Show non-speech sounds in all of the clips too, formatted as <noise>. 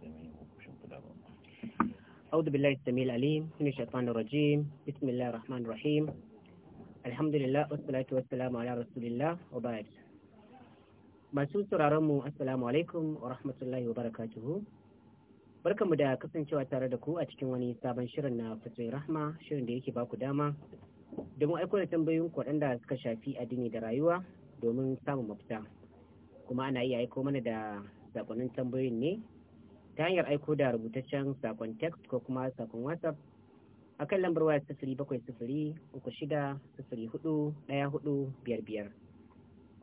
musulmi hukushin kula ba أعوذ بالله السميع العليم من الشيطان الرجيم بسم الله الرحمن الرحيم الحمد لله والصلاة والسلام على رسول الله وبعد masu sauraron mu assalamu alaikum wa rahmatullahi wa barakatuhu barkamu da kasancewa tare da ku a cikin wani sabon shirin na fatoyi rahma shirin da yake baku dama domin aiko da tambayoyin waɗanda suka shafi addini da rayuwa domin samun mafita kuma ana iya aiko mana da sakonnin tambayoyin ne ta hanyar aiko da rubutaccen sakon text ko kuma sakon whatsapp a kan lambar waya sifiri bakwai sifiri uku shida sifiri hudu daya hudu biyar biyar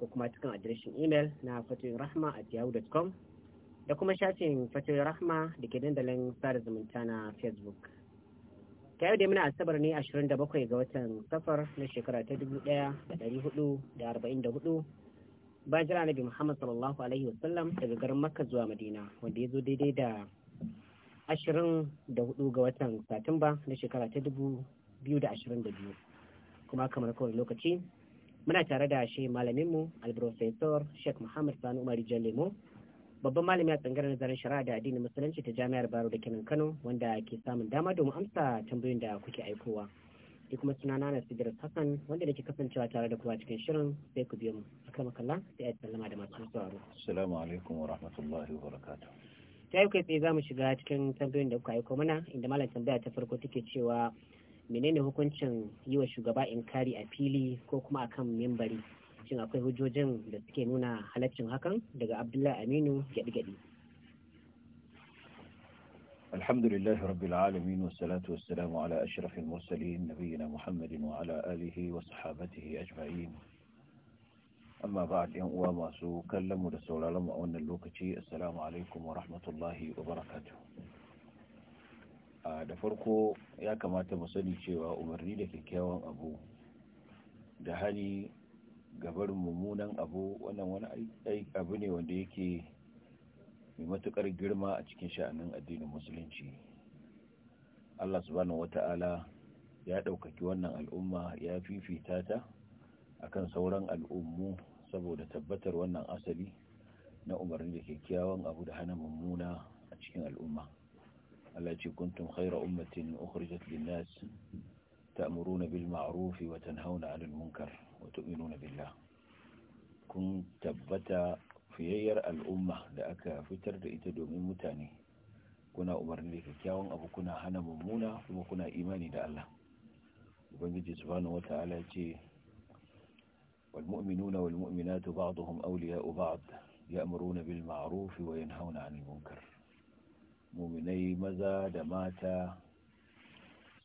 ko kuma cikin adireshin imel na fatoyin rahma at yahoo.com da kuma shafin fatoyin rahma da ke dandalin sada zumunta na facebook ta yau dai muna asabar ne 27 ga watan safar na shekara ta dubu da hudu. bajira nabi Muhammad sallallahu alaihi wasallam daga garin Makka zuwa Madina wanda ya zo daidai da ashirin da hudu ga watan Satumba na shekara ta dubu biyu da ashirin da biyu kuma kamar kawai lokaci muna tare da shi malaminmu alprofesor Sheikh Muhammad Sani Umar Jalemo babban malami a tsangarar nazarin shari'a da addinin musulunci ta jami'ar Baro da Kenan Kano wanda ke samun dama domin amsa tambayoyin da kuke aikowa. da kuma suna na Sidira Hassan wanda da ke kasancewa tare da kuwa cikin shirin sai ku biyo mu akan makalla sai a sallama da masu sauraro. Assalamu alaikum wa rahmatullahi wa barakatuh. Ta yi kai tsaye za mu shiga cikin tambayoyin da kuka aiko mana inda malam tambaya ta farko take cewa menene hukuncin yi wa shugaba inkari a fili ko kuma a akan membari shin akwai hujjojin da suke nuna halaccin hakan daga Abdullahi Aminu gyaɗi-gyaɗi. الحمد لله رب العالمين والصلاة والسلام على أشرف المرسلين نبينا محمد وعلى آله وصحابته أجمعين أما بعد ينقوى ما سوكلم ورسول الله وأن اللوكتي السلام عليكم ورحمة الله وبركاته da farko ya kamata mu sani cewa umarni da kyakkyawan abu da hali gabarin mummunan abu wannan wani abu ne wanda yake mai matukar girma a cikin sha'anin addinin musulunci Allah subhanahu wata'ala ya ɗaukaki wannan al'umma ya fifita ta akan sauran al'ummu saboda tabbatar wannan asali na umarni da kyakkyawan abu da hana mummuna a cikin al'umma Allah ce kuntum khaira ummatin ukhrijat lin ta'muruna bil ma'ruf wa tanhauna 'anil munkar wa tu'minuna billah kun tabbata fiyayyar al'umma da aka fitar da ita domin mutane kuna umarni da kyakkyawan abu kuna hana mummuna kuma kuna imani da Allah ubangiji subhanahu wata'ala ce wal mu'minuna wal mu'minatu ba'dhum awliya'u ba'd ya'muruna bil ma'ruf wa yanhauna 'anil munkar mu'minai maza da mata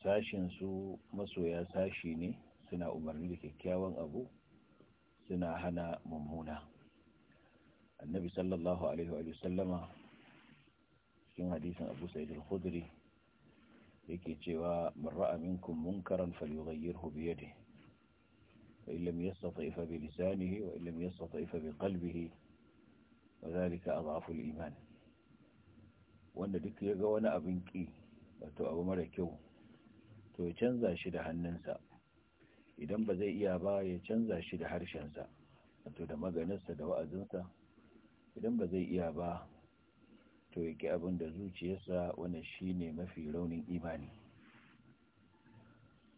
sashin su masoya sashi ne suna umarni da kyakkyawan abu suna hana mummuna النبي صلى الله عليه وسلم في حديث أبو سيد الخدري يكي جوا من رأى منكم منكرا فليغيره بيده وإن لم يستطع فبلسانه وإن لم يستطع فبقلبه وذلك أضعف الإيمان وأن ديك يقوانا أبنكي وتو أبو ملكو تو يتنزى شدها الننسى إذا بزي إيابا يتنزى شدها رشنسى أنتو دمغنسى دواء ذنسى idan ba zai iya ba to ya ki abin da zuciyarsa wanda shi ne mafi raunin imani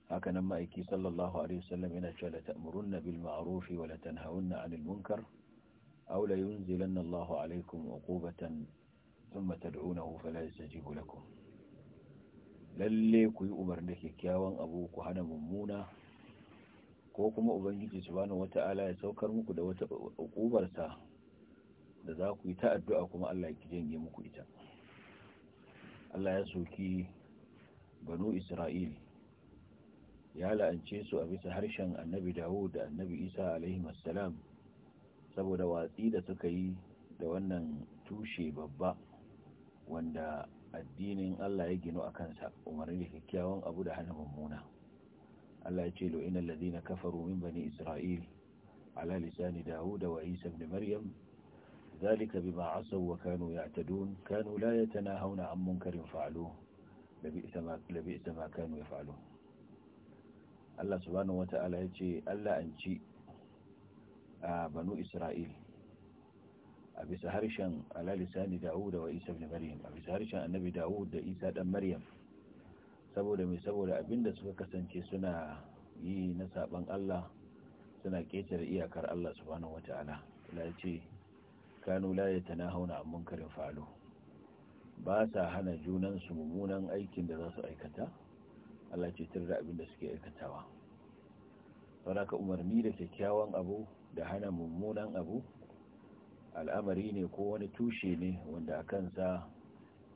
hakanan ma'aiki sallallahu alaihi wasallam yana cewa la ta'murunna bil ma'ruf wa la tanhauna 'anil munkar aw la yunzilanna Allahu 'alaykum 'uqubatan thumma tad'unahu fala yastajibu lakum lalle ku yi umarni kyakkyawan abu ku hana mummuna ko kuma ubangiji subhanahu wata'ala ya saukar muku da wata uqubarsa da za ku yi ta addu'a kuma Allah ya janye muku ita Allah ya soki banu Isra'il ya la'ance su a bisa harshen annabi Dawud da annabi Isa alaihi salam saboda watsi da suka yi da wannan tushe babba wanda addinin Allah ya gino a kansa umarni da kyakkyawan abu da hana mummuna Allah ya ce lo inal ladina kafaru min bani Isra'il ala lisani Dawud wa Isa ibn Maryam ذلك بما عصوا وكانوا يعتدون كانوا لا يتناهون عن منكر فعلوه لبئس ما, لبئس ما كانوا يفعلون الله سبحانه وتعالى يتي ألا أنجي بنو إسرائيل أبي سهرشا على لسان داود وإيسى بن مريم أبي سهرشا النبي داود إيسى بن مريم saboda mai saboda abinda suka kasance suna yi na saban Allah suna ƙetare iyakar Allah subhanahu wataala Allah ya ce kanu la yatanahawna an munkarin falo. ba sa hana junan su mummunan aikin da za su aikata Allah ce da abin da suke aikatawa saboda umarni da kyakkyawan abu da hana mummunan abu al'amari ne ko wani tushe ne wanda a kansa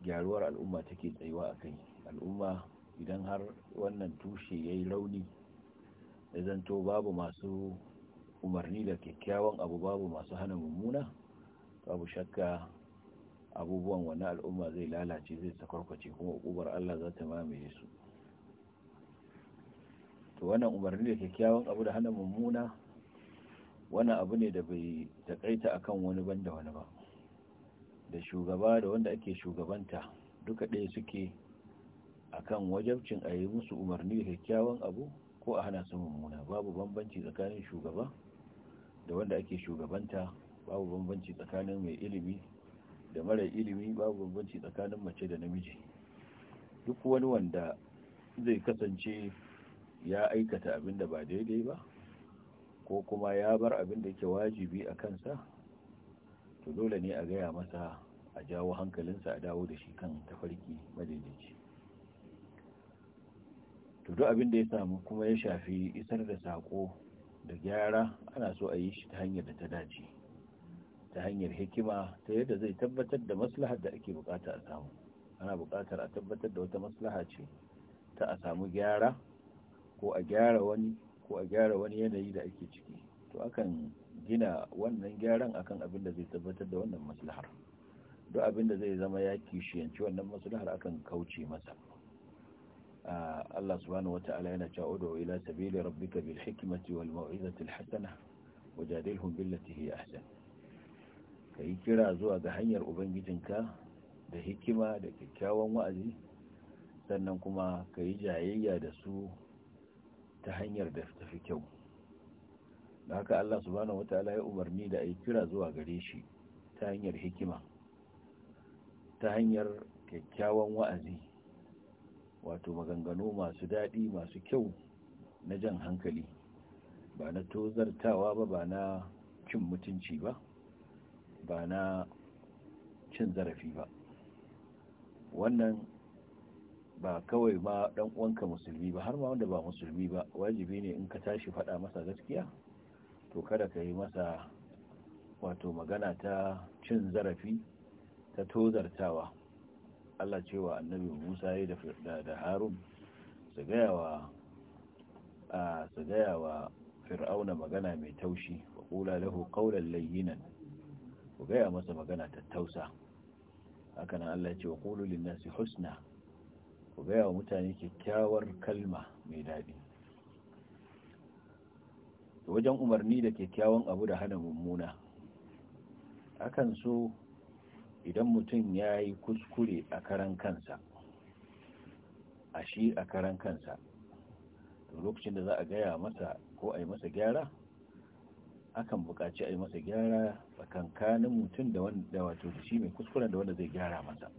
gyaruwar al'umma take tsayuwa a kai al'umma idan har wannan tushe ya yi rauni da zanto babu masu umarni da kyakkyawan abu babu masu hana mummuna babu shakka abubuwan wani al'umma zai lalace zai kwarkwace kuma ukubar Allah za ta mamaye su to wannan umarni da kyakkyawan abu da hana mummuna wani abu ne da bai takaita akan wani ban da wani ba da shugaba da wanda ake shugabanta duka ɗaya suke akan wajabcin a yi musu umarni da kyakkyawan abu ko a hana su mummuna babu bambanci tsakanin shugaba da wanda ake shugabanta babu bambanci tsakanin mai ilimi da mara ilimi babu bambanci tsakanin mace da namiji duk wani wanda zai kasance ya aikata abin da ba daidai ba ko kuma ya bar abin da yake wajibi a kansa to dole ne a gaya masa a jawo hankalinsa a dawo da shi kan tafarki madaidaici to duk abin da ya samu kuma ya shafi isar da sako da gyara ana so a yi shi ta hanyar da ta dace ta hanyar hikima ta yadda zai tabbatar da maslahar da ake bukata a samu ana bukatar a tabbatar da wata maslaha ce ta a samu gyara ko a gyara wani ko a gyara wani yanayi da ake ciki to akan gina wannan gyaran akan abin da zai tabbatar da wannan maslahar duk abin da zai zama ya kishiyanci wannan maslahar akan kauce masa Allah subhanahu wata'ala yana cewa udu ila sabili rabbika bil hikmati wal mau'izati al hasana wajadilhum billati hiya ahsan ka yi kira zuwa ga hanyar ubangijinka da hikima da kyakkyawan wa'azi sannan kuma ka yi jayayya da su ta hanyar da tafi kyau da haka Allah subhanahu wata ya umarni da a yi kira zuwa gare shi ta hanyar hikima ta hanyar kyakkyawan wa'azi wato maganganu masu daɗi masu kyau na jan hankali ba na tozartawa ba ba na cin mutunci ba ba na cin zarafi ba wannan ba kawai ma dan uwanka musulmi ba har ma wanda ba musulmi ba wajibi ne in ka tashi faɗa masa gaskiya to kada ka yi masa wato magana ta cin zarafi ta tozartawa Allah cewa annabi Musa ya da da Harun su gaya wa a su Fir'auna magana mai taushi wa qula lahu qawlan layyinan ku gaya masa magana tattausa haka nan Allah ce wa qulu lin husna ku gaya wa mutane kyakkyawar kalma mai daɗi wajen umarni da kyakkyawan abu da hana mummuna akan so idan mutum ya yi kuskure a karan kansa a shi a karan kansa lokacin da za a gaya masa ko a yi masa gyara akan buƙaci a yi masa gyara tsakankanin mutum da wanda wato shi mai kuskuren da wanda zai gyara masa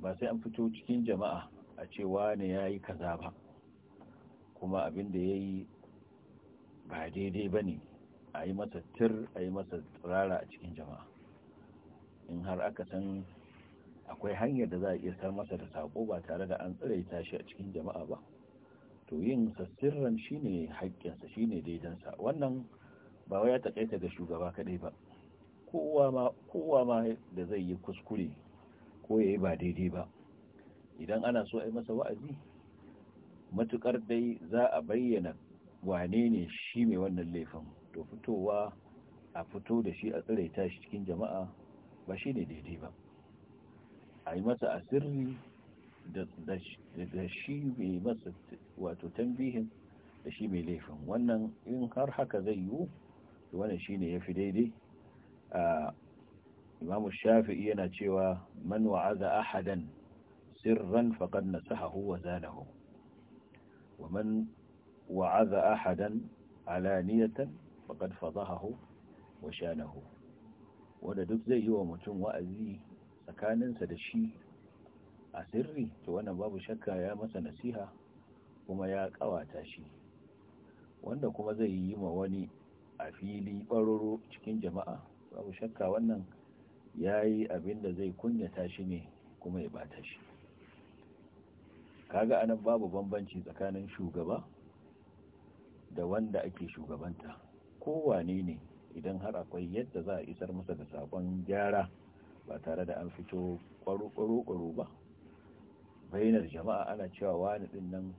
ba sai an fito cikin jama'a a ce wane ya yi kaza ba kuma abin da ya yi ba daidai ba ne a yi masa tir a yi masa tsirara a cikin jama'a in har aka san akwai hanyar da za a iya sar masa da sako ba tare da an ya tashi a cikin jama'a ba to yin sassirran shine haƙƙinsa shine daidansa wannan ba wai ya taƙaita ga shugaba kaɗai ba kowa ma da zai yi kuskure ko ya yi ba daidai ba idan ana so a yi masa wa'azi matukar dai za a bayyana wane ne shi mai wannan laifin to fitowa a fito da shi a tsiraita shi cikin jama'a ba shi ne daidai ba a yi masa sirri da shi mai masa wato tambihin da shi mai laifin wannan in har haka zai yiwu wannan shine yafi daidai imamu shafi'i yana cewa man wa'aza ahadan sirran faqad nasahahu wa zanahu wa man wa'aza ahadan alaniyatan faqad fadahahu wa shanahu wanda duk zai yi wa mutum wa'azi tsakaninsa da shi a sirri to wannan babu shakka ya masa nasiha kuma ya kawata shi wanda kuma zai yi ma wani a fili ɓaroro cikin jama'a babu shakka wannan ya yi abin da zai kunyata shi ne kuma ya bata shi kaga anan babu bambanci tsakanin shugaba da wanda ake shugabanta kowane ne idan har akwai yadda za a isar masa da sakon gyara ba tare da an fito kwaro-kwaro ba bainar jama'a ana cewa wani ɗin nan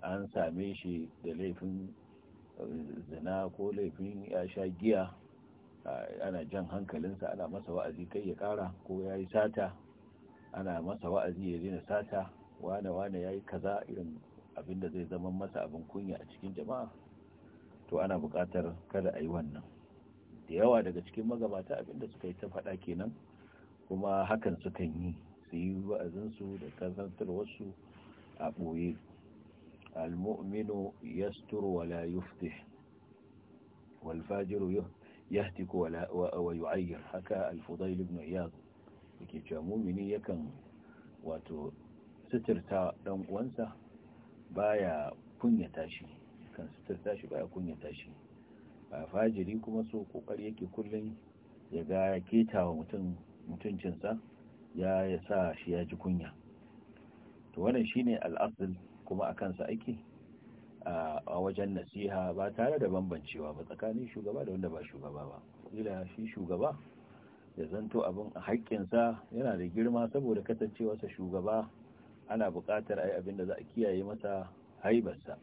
an same shi da laifin zina ko laifin ya sha giya ana jan hankalinsa ana masa wa'azi kai ya kara ko ya yi sata ana masa wa'azi ya daina sata wane wane ya yi kaza irin abinda zai zama masa abin kunya a cikin jama'a to ana bukatar kada a yi wannan da yawa daga cikin magabata abinda suka yi ta faɗa kenan kuma hakan sukan yi su yi wa'azinsu da kazantar wasu a ɓoye المؤمن يستر ولا يفتح والفاجر يهتك ولا ويعير حكى الفضيل بن عياض yake cewa mumini yakan wato suturta dan uwansa baya kunyata shi kan suturta shi kuma so kokari yake kullun ya ga ketawa mutum mutuncinsa ya sa shi ya ji kunya to wannan shine al'asl kuma a kansa aiki a wajen nasiha ba tare da bambancewa ba tsakanin shugaba da wanda ba shugaba ba kila shi shugaba ya zanto abin a haƙƙinsa yana da girma saboda kasancewarsa shugaba ana buƙatar ai abin da za a kiyaye masa haibarsa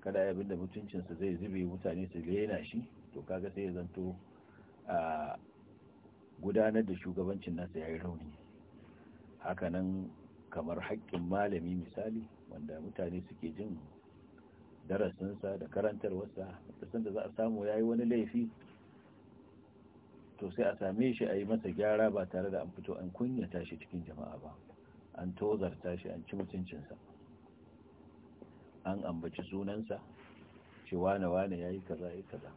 kada ai abin da mutuncinsa zai zube mutane su lena shi to kaga sai ya zanto a gudanar da shugabancin nasa ya yi rauni hakanan kamar haƙƙin malami misali wanda mutane suke jin darasinsa da karantarwarsa da da za a samu ya yi wani laifi to sai a same shi a yi masa gyara ba tare da an fito an kunyata shi cikin jama'a ba an tozarta shi an ci mutuncinsa an ambaci sunansa cewa wane wane ya yi kaza ya kaza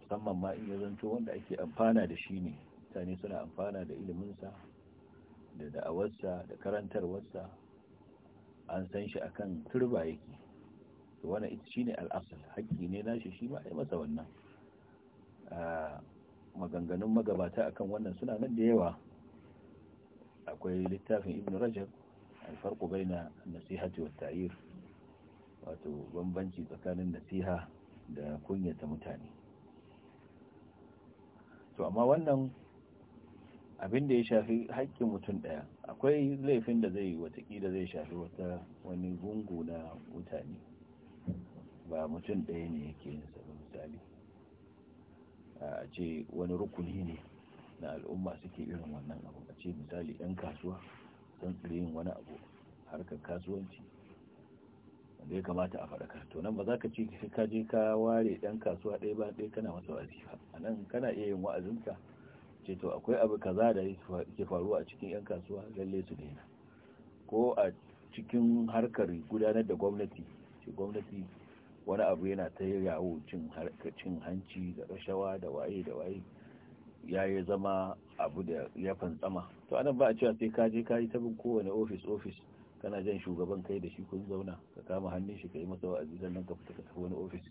musamman ma in ya zanto wanda ake amfana da shi ne mutane suna amfana da iliminsa da da'awarsa da karantarwarsa an san shi a kan turba yake to wani ita shine al'asar haƙƙi ne nashi shi ma ai masa wannan maganganun magabata a kan wannan suna nan da yawa akwai littafin ibn rajab alfarko bai na nasihati wato bambanci tsakanin nasiha da kunyata mutane to amma wannan abin da ya shafi haƙƙin mutum ɗaya akwai laifin da zai watakila zai shafi wata wani gungu na mutane ba mutum ɗaya ne yake yin sa misali a ce wani rukuni ne na al'umma suke irin wannan abu a ce misali 'yan kasuwa sun tsire yin wani abu harkar kasuwanci wanda ya kamata a faɗakar to nan ba za ka ce ka je ka ware ɗan kasuwa ɗaya ba ɗaya kana masa wazifa a nan kana iya yin wa'azinka ce to akwai abu kaza da ke faruwa a cikin 'yan kasuwa lalle su daina ko a cikin harkar gudanar da gwamnati ce gwamnati wani abu yana ta yawo cin hanci da rashawa da waye da waye ya yi zama abu da ya fantsama to anan ba a cewa sai ka je ka yi tabin kowane ofis ofis kana jan shugaban kai da shi kun zauna ka kama hannun shi ka yi masa wa'azi sannan ka fita ka tafi wani ofis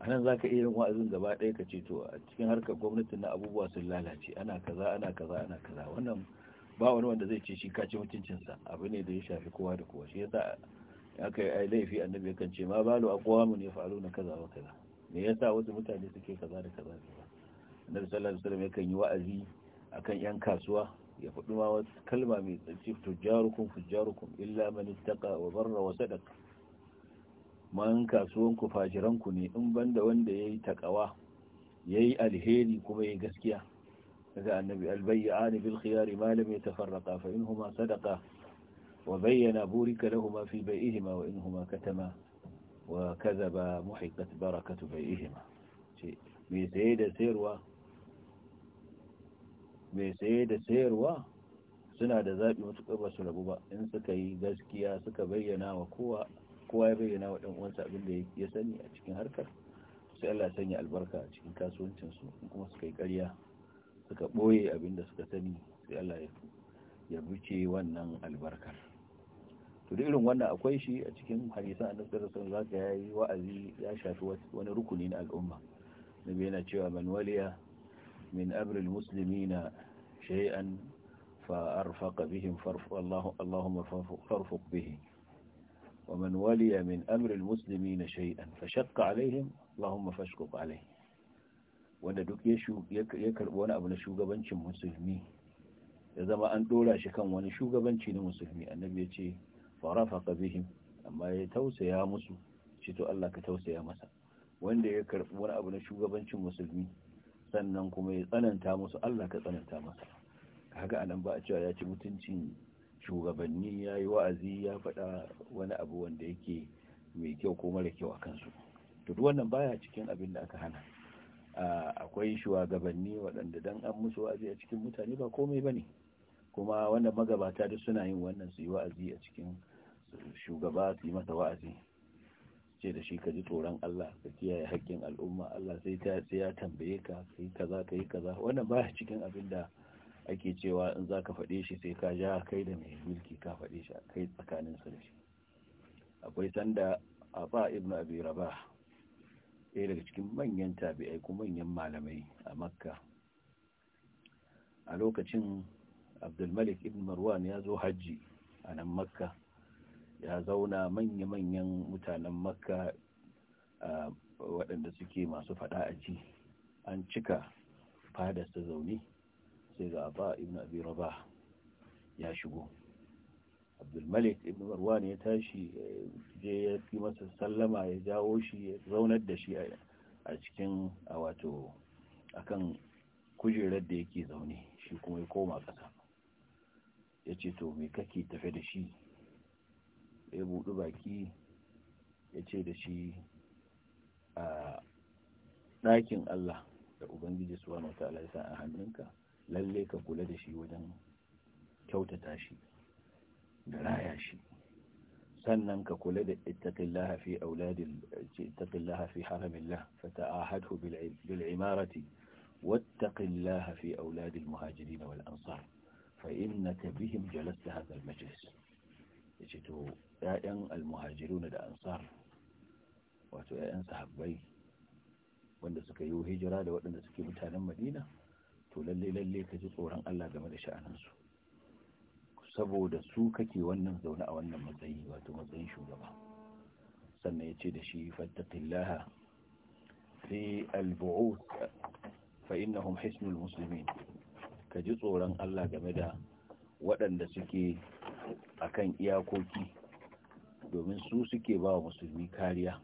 a nan za ka iya yin wa'azin gaba ɗaya ka ce to a cikin harkar gwamnatin na abubuwa sun lalace ana kaza ana kaza ana kaza wannan ba wani wanda zai ce shi kace mutuncinsa abu ne da ya shafi kowa da kowa shi yasa aka yi ai laifi annabi yakan ce ma balu aqwamun yaf'aluna kaza wa kaza me yasa wasu mutane suke kaza da kaza annabi sallallahu alaihi wasallam yakan yi wa'azi akan yan kasuwa ya faɗi ma wasu kalma mai tsarki tujjarukum fujjarukum illa man ittaqa wa barra wa sadaqa man kasuwanku fajiranku ne in banda wanda ya yi taƙawa ya yi alheri kuma ya gaskiya daga annabi albayyani bil khiyari malam ya tafarraka fa in huma sadaka wa bayyana burika lahuma fi bai'ihima wa in huma katama wa kazaba muhiqat barakatu bai'ihima ce me saye da sayarwa me saye da sayarwa suna da zaɓi matuƙar ba su rabu ba in suka yi gaskiya suka bayyana wa kowa kowa ya bayyana wa ɗan uwansa abin da ya sani a cikin harkar sai Allah ya sanya albarka a cikin kasuwancin su kuma suka yi ƙarya suka ɓoye abin da suka sani sai Allah ya ya buce wannan albarkar to da irin wannan akwai shi a cikin hadisan annabi sallallahu alaihi wasallam zaka yayi wa'azi ya shafi wani rukuni na al'umma nabi yana cewa man waliya min amri almuslimina shay'an fa arfaqa bihim farfu Allahu Allahumma farfuq bihi ومن ولي من أمر المسلمين شيئا فشق عليهم اللهم فاشقق عليه wanda duk ya karbi wani abu na shugabancin musulmi ya zama an dora shi kan wani shugabanci na musulmi annabi ya ce farafa qabihim amma ya tausaya musu shi to Allah ka tausaya masa wanda ya karbi wani abu na shugabancin musulmi sannan kuma ya tsananta musu Allah ka tsananta masa kaga anan ba a cewa ya ci mutuncin shugabanni ya yi wa'azi ya faɗa wani abu wanda yake mai kyau ko mara kyau a kansu to duk wannan baya cikin abin da aka hana akwai shugabanni waɗanda dan an musu wa'azi a cikin mutane ba komai bane kuma wanda magabata da suna yin wannan su yi wa'azi a cikin shugaba su yi masa wa'azi ce da shi ka ji tsoron Allah ka kiyaye haƙƙin al'umma Allah sai ya tambaye ka kai kaza kai kaza wannan baya cikin abin da ake cewa in za ka faɗe shi sai ka ja kai da mai mulki ka faɗe shi kai tsakanin su da shi akwai sanda a ba ibn abi rabah ɗaya daga cikin manyan tabi'ai kuma manyan malamai a makka a lokacin abdulmalik ibn marwan ya zo hajji a nan makka ya zauna manya-manyan mutanen makka a waɗanda suke masu faɗa a ji an cika su zaune sai ga ba ibn abi rabah ya shigo abdulmalik ibn marwan ya tashi je ya fi masa sallama ya jawo shi ya zaunar da shi a cikin a wato akan kujerar da yake zaune shi kuma ya koma ƙasa yace to me kake tafe da shi ya budu baki yace da shi a ɗakin Allah da Ubangiji Subhanahu na wata ya sa a hannunka lalle ka kula da shi wajen kyautata shi da raya shi sannan ka kula da ittaqillaha fi auladil ittaqillaha fi haramillah fata'ahadhu bil imarati wattaqillaha fi auladil muhajirin wal ansar fa innaka bihim jalasta hadha al majlis yace to ya'yan al muhajiruna da ansar wato ya'yan sahabbai wanda suka yi hijira da waɗanda suke mutanen madina to lalle lalle ka ji tsoron Allah game da sha'aninsu saboda su kake wannan zaune a wannan matsayi wato matsayin shugaba sannan ya ce da shi fattaqillaha fi al fa innahum hisnul muslimin ka ji tsoron Allah game da waɗanda suke akan iyakoki domin su suke ba musulmi kariya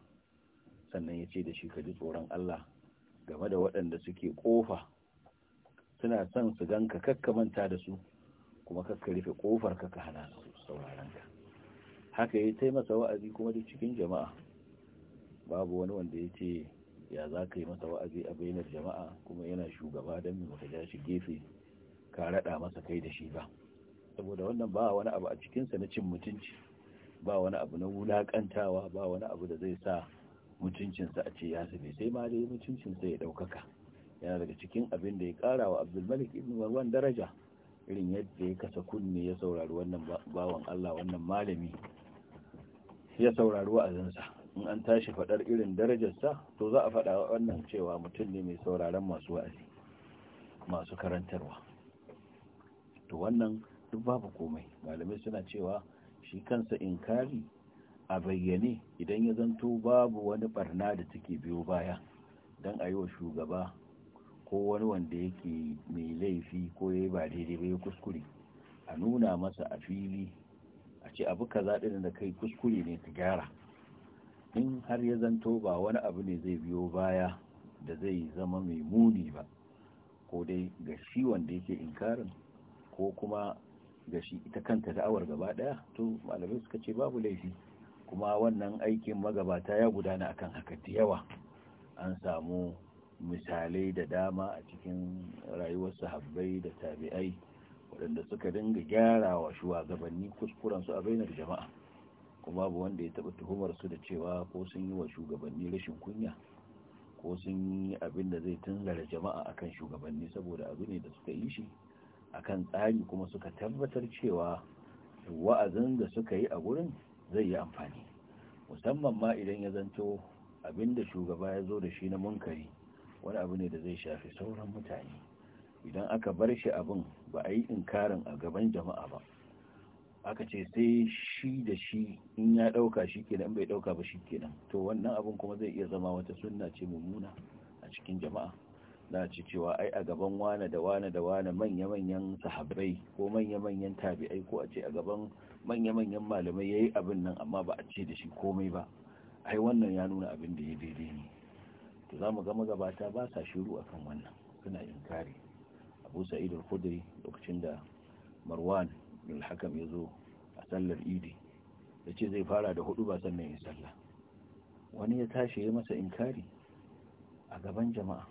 sannan ya ce da shi ka ji tsoron Allah game da waɗanda suke ƙofa suna son su ganka manta da su kuma kakka rufe kofar ka ka hana sauraron ka haka yayi tai masa wa'azi kuma da cikin jama'a babu wani wanda ya ce ya za ka yi masa wa'azi a bainar jama'a kuma yana shugaba don mai ja shi gefe ka raɗa masa kai da shi ba saboda wannan ba wani abu a cikinsa na cin mutunci ba wani abu na wulaƙantawa ba wani abu da zai sa mutuncinsa a ce ya sai ma dai mutuncinsa ya ɗaukaka yana daga cikin abin da ya kara wa abdulmalik ibn marwan daraja irin yadda ya kasa kunne ya saurari wannan bawan Allah wannan malami ya saurari wa'azinsa in an tashi fadar irin darajarsa to za a fada wannan cewa mutum ne mai sauraron masu wa'azi masu karantarwa to wannan duk babu komai malamai suna cewa shi kansa in inkari a bayyane idan ya zanto babu wani barna da take biyo baya don a yi wa shugaba ko wani wanda yake mai laifi ko ya ba daidai ba ya kuskure a nuna masa a fili a ce abu kaza da kai kuskure ne ka gyara in har ya zanto ba wani abu ne zai biyo baya da zai zama mai muni ba ko dai ga shi wanda yake inkarin ko kuma ga shi ita kanta da'awar gaba daya to malamai suka ce babu laifi kuma wannan aikin magabata ya gudana akan haka da yawa an samu misalai da dama a cikin rayuwar sahabbai da tabi'ai waɗanda suka dinga gyara wa shugabanni kuskurensu a bainar jama'a kuma babu wanda ya taɓa tuhumar su da cewa ko sun yi wa shugabanni rashin kunya ko sun yi abin da zai tunzara jama'a akan shugabanni saboda abu ne da suka yi shi akan tsari kuma suka tabbatar cewa wa'azin da suka yi a gurin zai yi amfani musamman ma idan ya zanto abin da shugaba ya zo da shi na munkari wani abu ne da zai shafi sauran mutane idan aka bar shi abin ba a yi inkarin a gaban jama'a ba aka ce sai shi da shi in ya ɗauka shi kenan bai ɗauka ba shi kenan to wannan abin kuma zai iya zama wata sunna ce mummuna a cikin jama'a na ci cewa ai a gaban wane da wane da wane manya-manyan sahabbai ko manya-manyan tabi'ai ko a ce a gaban manya-manyan malamai ya yi abin nan amma ba a ce da shi komai ba ai wannan ya nuna abin da ya daidai ne to za mu gama gabata ba sa shiru akan wannan suna inkari abu sa'id al-khudri lokacin da marwan bin hakam ya zo a sallar idi ya ce zai fara da hudu ba sannan ya sallah wani ya tashi ya masa inkari a gaban jama'a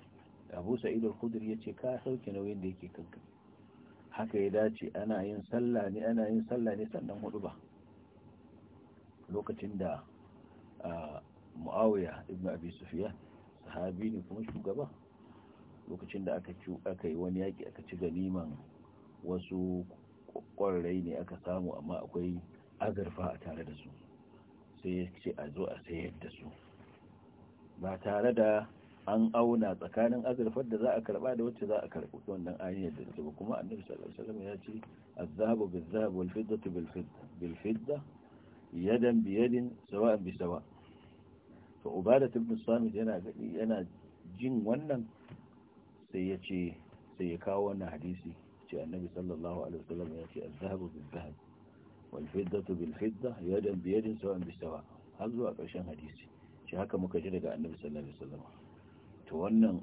abu sa'id al-khudri ya ce ka sauke nauyin da yake kanka haka ya dace ana yin sallah ne ana yin sallah ne sannan hudu ba lokacin da ah, muawiya ibnu abi sufyan sahabi ne kuma shugaba lokacin da aka yi wani yaki aka ci ganiman wasu ƙwararrai ne aka samu amma akwai azurfa a tare da su sai ya ce a zo a sayar da su ba tare da an auna tsakanin azurfar da za a karba da wacce za a karɓi wannan yadda da ta kuma annabi sallallahu alaihi ya ce azabu bizabu wal fiddatu bilfidda yadan biyadin sawa'an bi to ubada ibn samit yana gadi yana jin wannan sai ya ce sai ya kawo wannan hadisi ce annabi sallallahu alaihi wasallam ya ce azhabu bil-zahab wal-fiddatu bil-fidda yadan bi yadin sawan bi sawa har zuwa ƙarshen hadisi shi haka muka ji daga annabi sallallahu alaihi wasallam to wannan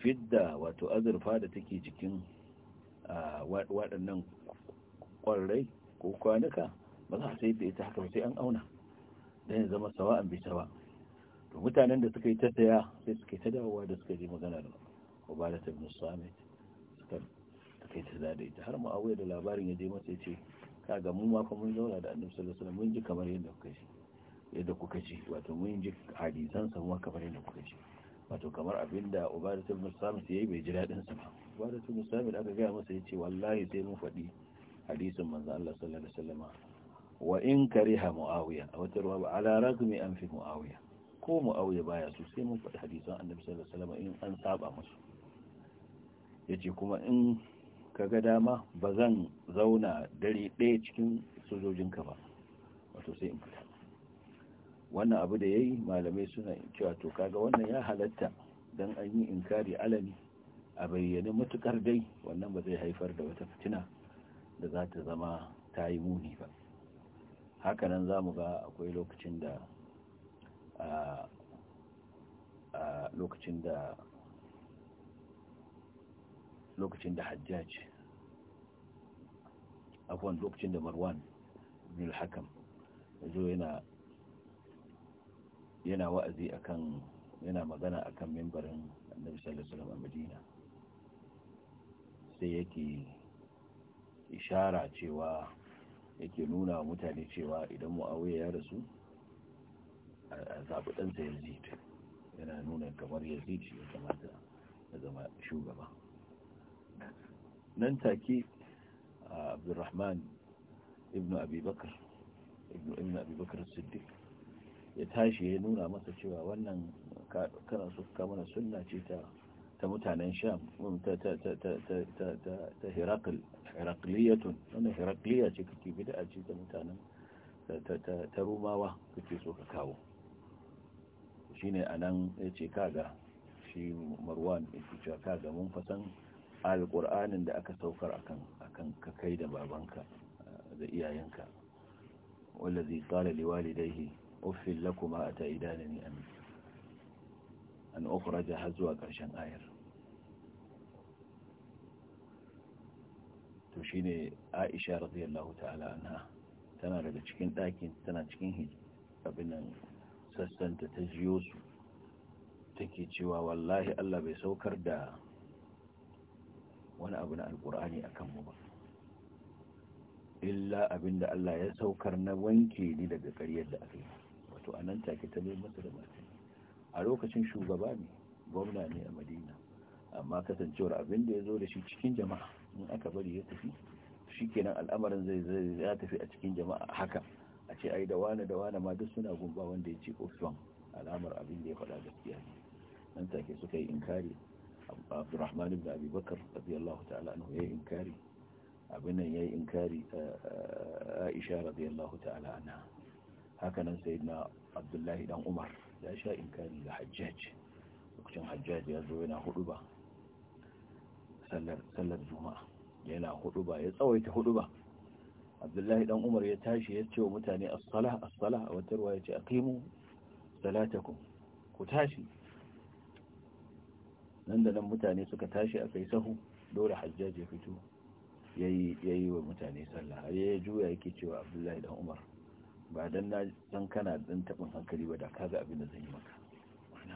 fidda wato azurfa da take jikin waɗannan ƙwarai ko kwanuka ba za a sai da ita haka sai an auna don zama sawa'an bi sawa to mutanen da suka yi ta saya sai suka yi ta dawowa da suka je maganar ubadat ibn samit suka suka yi ta da ita har ma'awiyar da labarin ya je masa ya ce kaga mu ma mun zauna da annabi sallallahu alaihi wasallam mun ji kamar yadda kuka ji yadda kuka ji wato mun ji hadisan sa kuma kamar yadda kuka ji wato kamar abinda ta ibn samit yayi bai ji dadin sa ba ta ibn samit aka ga masa ya ce, wallahi sai mun faɗi hadisin manzo Allah sallallahu alaihi wasallam wa in kariha muawiya a wata ruwa ala ragmi an fi muawiya ko aure baya su sai mun faɗi hadisan annabi sallallahu alaihi in an saba musu yace kuma in kaga dama ba zan zauna dare ɗaya cikin sojojin ka ba wato sai in fita wannan abu da yayi malamai suna cewa to kaga wannan ya halatta dan an yi inkari alani a bayyane matukar dai wannan ba zai haifar da wata fitina da za ta zama ta yi muni ba hakanan za mu ga akwai lokacin da a lokacin da lokacin da hajjaj akwai lokacin da marwan bin hakam zo yana yana wa'azi akan yana magana akan mimbarin annabi sallallahu alaihi wasallam a Madina sai yake ishara cewa yake nuna mutane cewa idan mu'awiya ya rasu a zaɓi ɗansa yazid yana nuna kamar yazid shi ya kamata ya zama shugaba nan take abdurrahman ibn abubakar ibn abubakar siddiq ya tashi ya nuna masa cewa wannan kana suka mana sunna ce ta mutanen sham um, ta herakliyatun wannan herakliya ce kake bid'a ce ta mutanen ta rumawa kake so ka kawo shine ya ce kaga shi marwan yake cewa kaga mun fasan alƙur'anin da aka saukar akan kakai ka kai da babanka eh, da iyayenka Wanda zai wallazi qala liwalidayhi ofin lakuma ataidanani an an har zuwa ƙarshen ayar to shi ne Aisha radiyallahu ta'ala anha tana daga cikin ɗakin tana cikin abin nan sassanta ta jiyo su take cewa wallahi Allah bai saukar da wani abu na alkur'ani a kanmu ba illa abin da Allah ya saukar na wanke ni daga karyar da aka yi wato a nan take ta neman masa da martani a lokacin shugaba ne gwamna ne a madina amma kasancewar abin da ya zo da shi cikin jama'a in aka bari ya tafi shi kenan al'amarin zai zai ya tafi a cikin jama'a haka ce ai da wane da wane ma duk suna gumba wanda ya ce ofton al'amar abin da ya faɗa gaskiya ne nan take suka yi inkari abdurrahman ibn abi bakar radiyallahu ta'ala anhu yayi inkari abin nan yayi inkari eh, eh, aisha radiyallahu ta'ala anha haka nan sayyidina abdullahi dan umar ya sha inkari ga hajjaj lokacin hajjaj ya zo yana hudu ba sallar juma'a yana hudu ba ya tsawaita hudu ba abdullahi dan umar ya tashi ya ce wa mutane as-salah as-salah a wata ruwa ya ce aqimu salatakum ku tashi nan da nan mutane suka tashi a kai sahu dole hajjaji ya fito yayi yayi wa mutane sallah har ya juya yake cewa abdullahi dan umar ba dan na dan kana dan tabin hankali ba da kaga abin da zan yi maka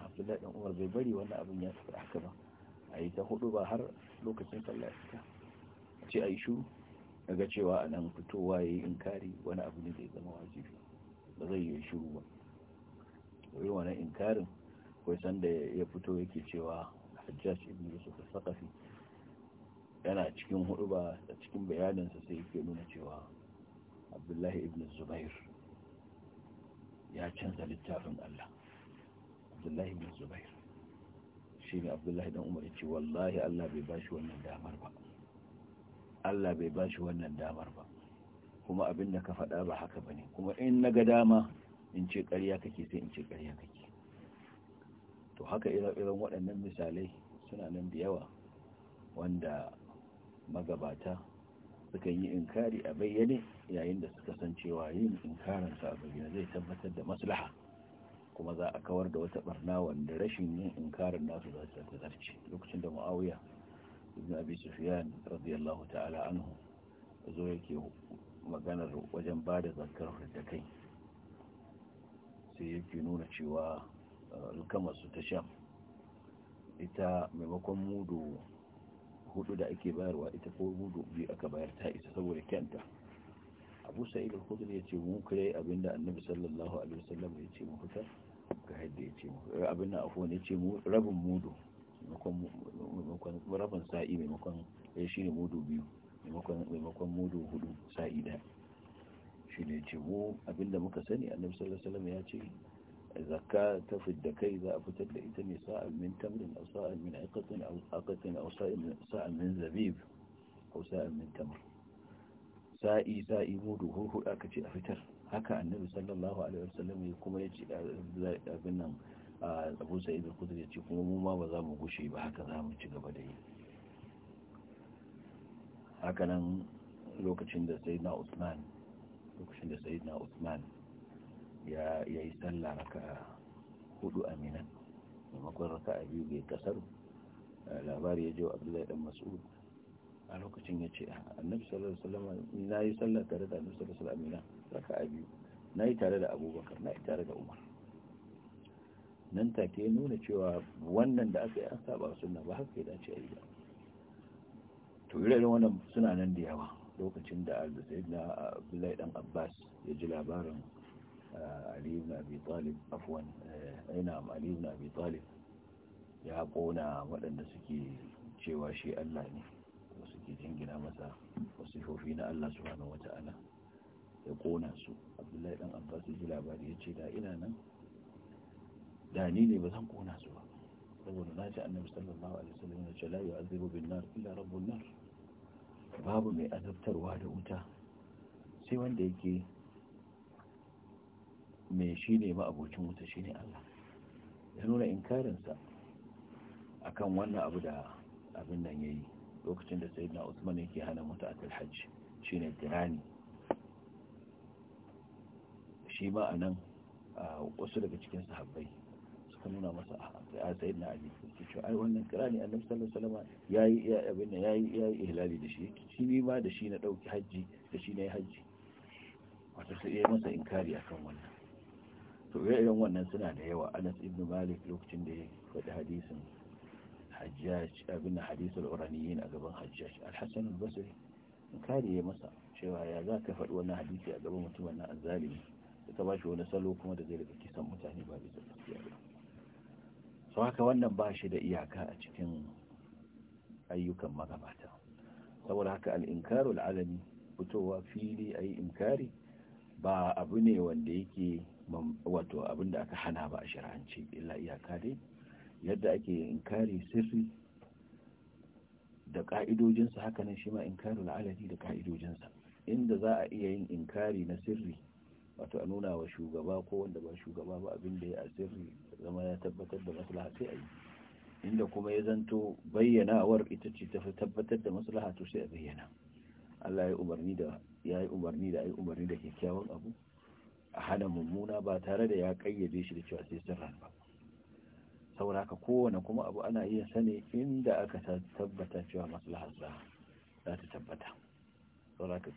abdullahi dan umar bai bari wannan abin ya tafi haka ba a yi ta hudu ba har lokacin sallah ya a ce a yi daga cewa a nan fitowa ya yi inkari wani abu ne da ya zama wajibi ba zai yi shuru ba wani wani inkarin kai sanda ya fito yake cewa hajjaj ibn yusuf sakafi yana cikin hudu ba da cikin bayaninsa sai yake nuna cewa abdullahi ibn zubair ya canza littafin allah abdullahi ibn zubair shi ne abdullahi dan umar ce wallahi allah bai bashi wannan damar ba Allah bai bashi wannan damar ba kuma abin da ka faɗa ba haka ba ne kuma in na ga dama in ce ƙarya kake sai in ce ƙarya kake to haka irin waɗannan misalai suna nan da yawa wanda magabata suka yi inkari a bayyane yayin da suka san cewa yin inkarinsa a bayyane zai tabbatar da maslaha kuma za a kawar da wata barna wanda rashin yin inkarin nasu za su zarce lokacin da mu'awiya ibn abi sufyan radiyallahu ta'ala anhu zo yake maganar wajen ba da zakar da kai sai yake nuna cewa eh, alkamar su ta sham ita maimakon mudu hudu da ake bayarwa ita ko mudu biyu aka bayar ta isa saboda kyanta abu sa'id al ya yace mu kai abinda annabi sallallahu alaihi wasallam yace mu fitar ga hadda yace mu eh, abinda afwan yace mu rabin mudu maimakon rabin sa'i maimakon ya shi ne mudu biyu maimakon mudu hudu sa'i da shi ne ce mu abinda muka sani annabi sallallahu alaihi ya ce zakka ta fidda kai za a fitar da ita ne sa'al min tamrin aw sa'al min aqatin aw aqatin aw sa'al min zabib aw sa'al min tamr sa'i sa'i mudu hudu aka ce a fitar haka annabi sallallahu alaihi wasallam kuma ya ce abin nan abu sa'id al-khudri ya ce kuma mu ma ba za mu gushe ba haka za mu ci gaba da yi haka nan lokacin da sayyidina usman lokacin da sayyidina usman ya yi sallah raka hudu a minan maimakon raka a biyu bai kasar labari ya je abdullahi dan mas'ud a lokacin ya ce ah, annabi sallallahu alaihi wasallam na yi sallah tare da annabi sallallahu alaihi wasallam raka a biyu na yi tare da abubakar na yi tare da umar nan take nuna cewa wannan da aka yi an saba suna ba haka ya dace a yi to irin wannan suna nan da yawa lokacin da al na Abdullahi dan Abbas ya ji labarin eh, Ali ibn aina Aliyu na ya kona waɗanda suke cewa shi Allah ne wasu suke jingina masa wasifofi na Allah wata ana, ya kona su Abdullahi dan Abbas ya ji labari ya ce da ina nan da ni ne ba zan kona su ba saboda na ji annabi sallallahu alaihi wasallam ya ce la yu'adhibu bin nar illa rabbun nar babu mai azabtarwa da wuta sai wanda yake mai shi ne abokin wuta shi ne Allah ya nuna inkarinsa a kan wannan abu da abin nan yayi lokacin da sayyidina usman yake hana mutu a talhajji shine dirani shi ma a nan wasu daga cikin sahabbai suka nuna masa a sayin na ali ke cewa ai wannan kira ne annabi sallallahu alaihi wasallam yayi ya abin da yayi ihlali da shi shi ne ma da shi na dauki haji da shi ne haji wato sai ya masa inkari akan wannan to irin wannan suna da yawa Anas ibn Malik lokacin da ya faɗi hadisin Hajjaj abin da hadisul uraniyin a gaban Hajjaj al-Hasan al-Basri inkari ya masa cewa ya za ka faɗi wannan hadisi a gaban mutum wannan azzalimi ta ba shi wani salo kuma da zai daga kisan mutane ba bisa gaskiya ba sau haka wannan ba shi da iyaka a cikin ayyukan magabata saboda haka al'inkarul alami fitowa fili a yi inkari ba abu ne wanda yake wato abin da aka hana ba a shirance illa iyaka dai yadda ake inkari sirri da ka'idojinsa haka nan shi ma inkarul alami da ka'idojinsa inda za a iya yin inkari na sirri wato a nuna wa shugaba ko wanda ba shugaba ba abin da ya a sirri zama ya tabbatar da maslaha sai a yi inda kuma ya zanto bayyanawar ita ce ta tabbatar da maslaha to sai a bayyana Allah ya umarni da ya yi umarni da ayi umarni da kyakkyawan abu a hana mummuna ba tare da ya kayyade shi da cewa sai sirran ba sauraka kowane kuma abu ana iya sani inda aka tabbata cewa maslaha za ta tabbata sauraka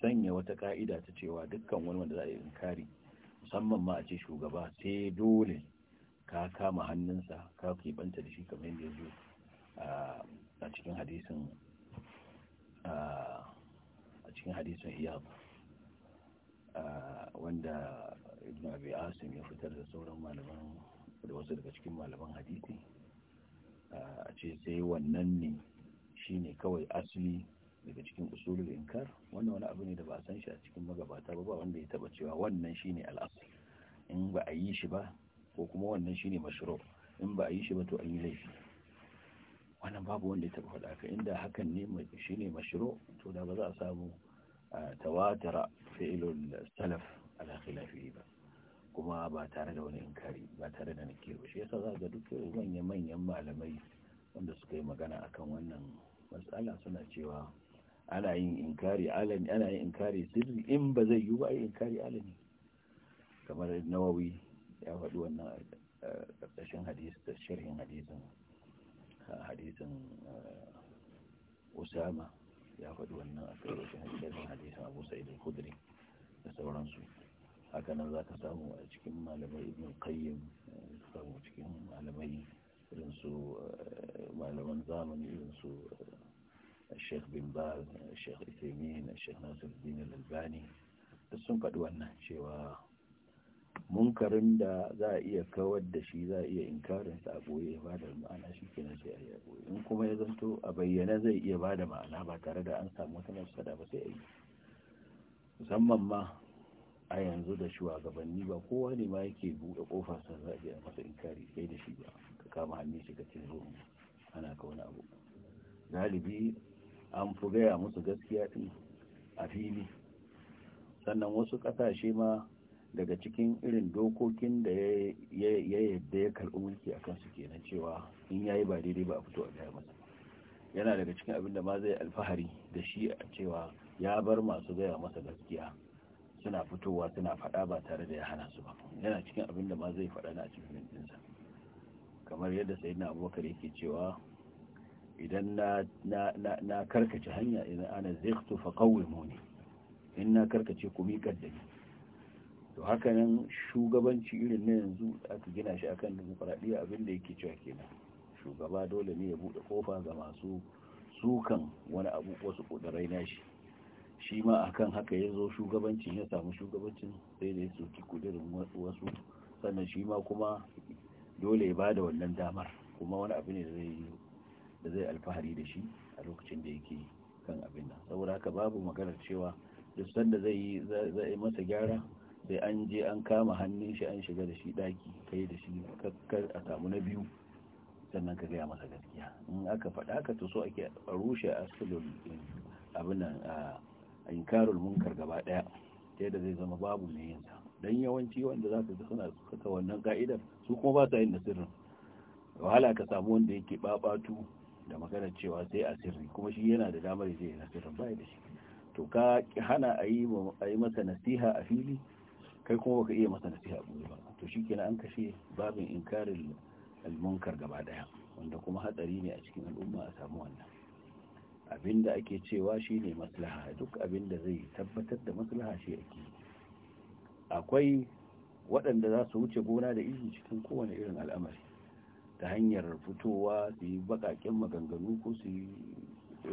sanya wata ka'ida ta cewa dukkan wani wanda za a yi inkari musamman ma a ce shugaba sai dole ka kama hannunsa ka banta da shi kamar yadda yanzu a cikin hadisin a cikin hadisin iyab wanda ibn abi asim ya fitar da sauran malaman da wasu daga cikin malaman hadisi a ce sai wannan ne shi ne kawai asali daga cikin usulul inkar wannan wani abu ne da ba a san shi a cikin magabata ba ba wanda ya taba cewa wannan shi ne al'asar in ba a yi shi ba ko kuma wannan shine mashru in ba a yi shi ba to an yi laifi wannan babu wanda ya taɓa faɗa ka inda hakan ne shine mashru to da ba za a samu tawatara fi'ilul salaf ala khilafihi ba kuma ba tare da wani inkari ba tare da nake ba shi yasa za ga duk manyan manyan malamai wanda suka yi magana akan wannan matsala suna cewa ana yin inkari alani ana yin inkari sirri in ba zai yi ba ai inkari alani kamar nawawi ya faɗi wannan a eh, ƙarƙashin hadis da sharhin hadisin eh, hadisin eh, usama ya faɗi wannan a ƙarƙashin hadisin abu sa'id al da sauransu haka nan za ka samu a cikin malamai ibn qayyim samu cikin malamai irin su malaman zamani irin su Sheikh Bin باز Sheikh إثيمين Sheikh ناصر الدين Albani, da sun faɗi wannan cewa munkarin da za a iya kawar da shi za a iya inkarin sa a boye ya bada ma'ana shi ke sai a yi in kuma ya zanto a bayyana zai iya bada ma'ana ba tare da an samu wata da ba sai a yi musamman ma a yanzu da shugabanni ba kowa ne ma yake buɗe kofar sa za a iya masa inkari kai da shi ba ka kama hannun shi ka ce zo ana ka wani abu galibi an fi gaya musu gaskiya ɗin a fili sannan wasu ƙasashe ma daga cikin irin dokokin da ya yadda ya karɓi mulki a kansu kenan cewa in ya yi ba daidai ba a fito a gaya masa yana daga cikin abin da ma zai alfahari da shi a cewa ya bar masu gaya masa gaskiya suna fitowa suna faɗa ba tare da ya hana su ba yana cikin abin da ma zai faɗa na cikin ɗinsa kamar yadda sai na abubakar yake cewa idan na karkace hanya idan ana zai fa kawai muni in na karkace ku miƙar da to hakanan shugabanci irin na yanzu aka gina shi akan demokradiyya abinda yake cewa kenan shugaba dole ne ya bude kofa ga masu sukan wani abu wasu kudurai nashi shi ma akan haka ya zo shugabancin ya samu shugabancin sai da ya soki kudurin wasu sannan shi ma kuma dole ya bada wannan damar kuma wani abu ne da zai alfahari da shi a lokacin da yake kan abin nan saboda haka babu maganar cewa duk sanda zai yi masa gyara sai an je an kama hannun shi an shiga da shi daki kai da shi kakkar a samu na biyu sannan ka gaya masa gaskiya in aka faɗa ka to so ake rushe abin abinan a inkarul munkar gaba daya ta yadda zai zama babu mai yin sa dan yawanci wanda za ka suna saka wannan ka'idar su kuma ba sa yin da sirrin wahala ka samu wanda yake babatu da magana cewa sai a sirri kuma shi yana da damar ya je nasirin sirrin da shi to ka hana a yi masa nasiha a fili kai kuma baka iya masa nasiha abu ba to shi shikenan an kashe babin inkarin almunkar gaba daya wanda kuma hatsari ne a cikin al'umma a samu wannan abinda ake cewa shine maslaha duk abinda zai tabbatar da maslaha shi ake akwai waɗanda za su wuce gona da izi cikin kowane irin al'amari ta hanyar fitowa su yi baƙaƙen maganganu ko su yi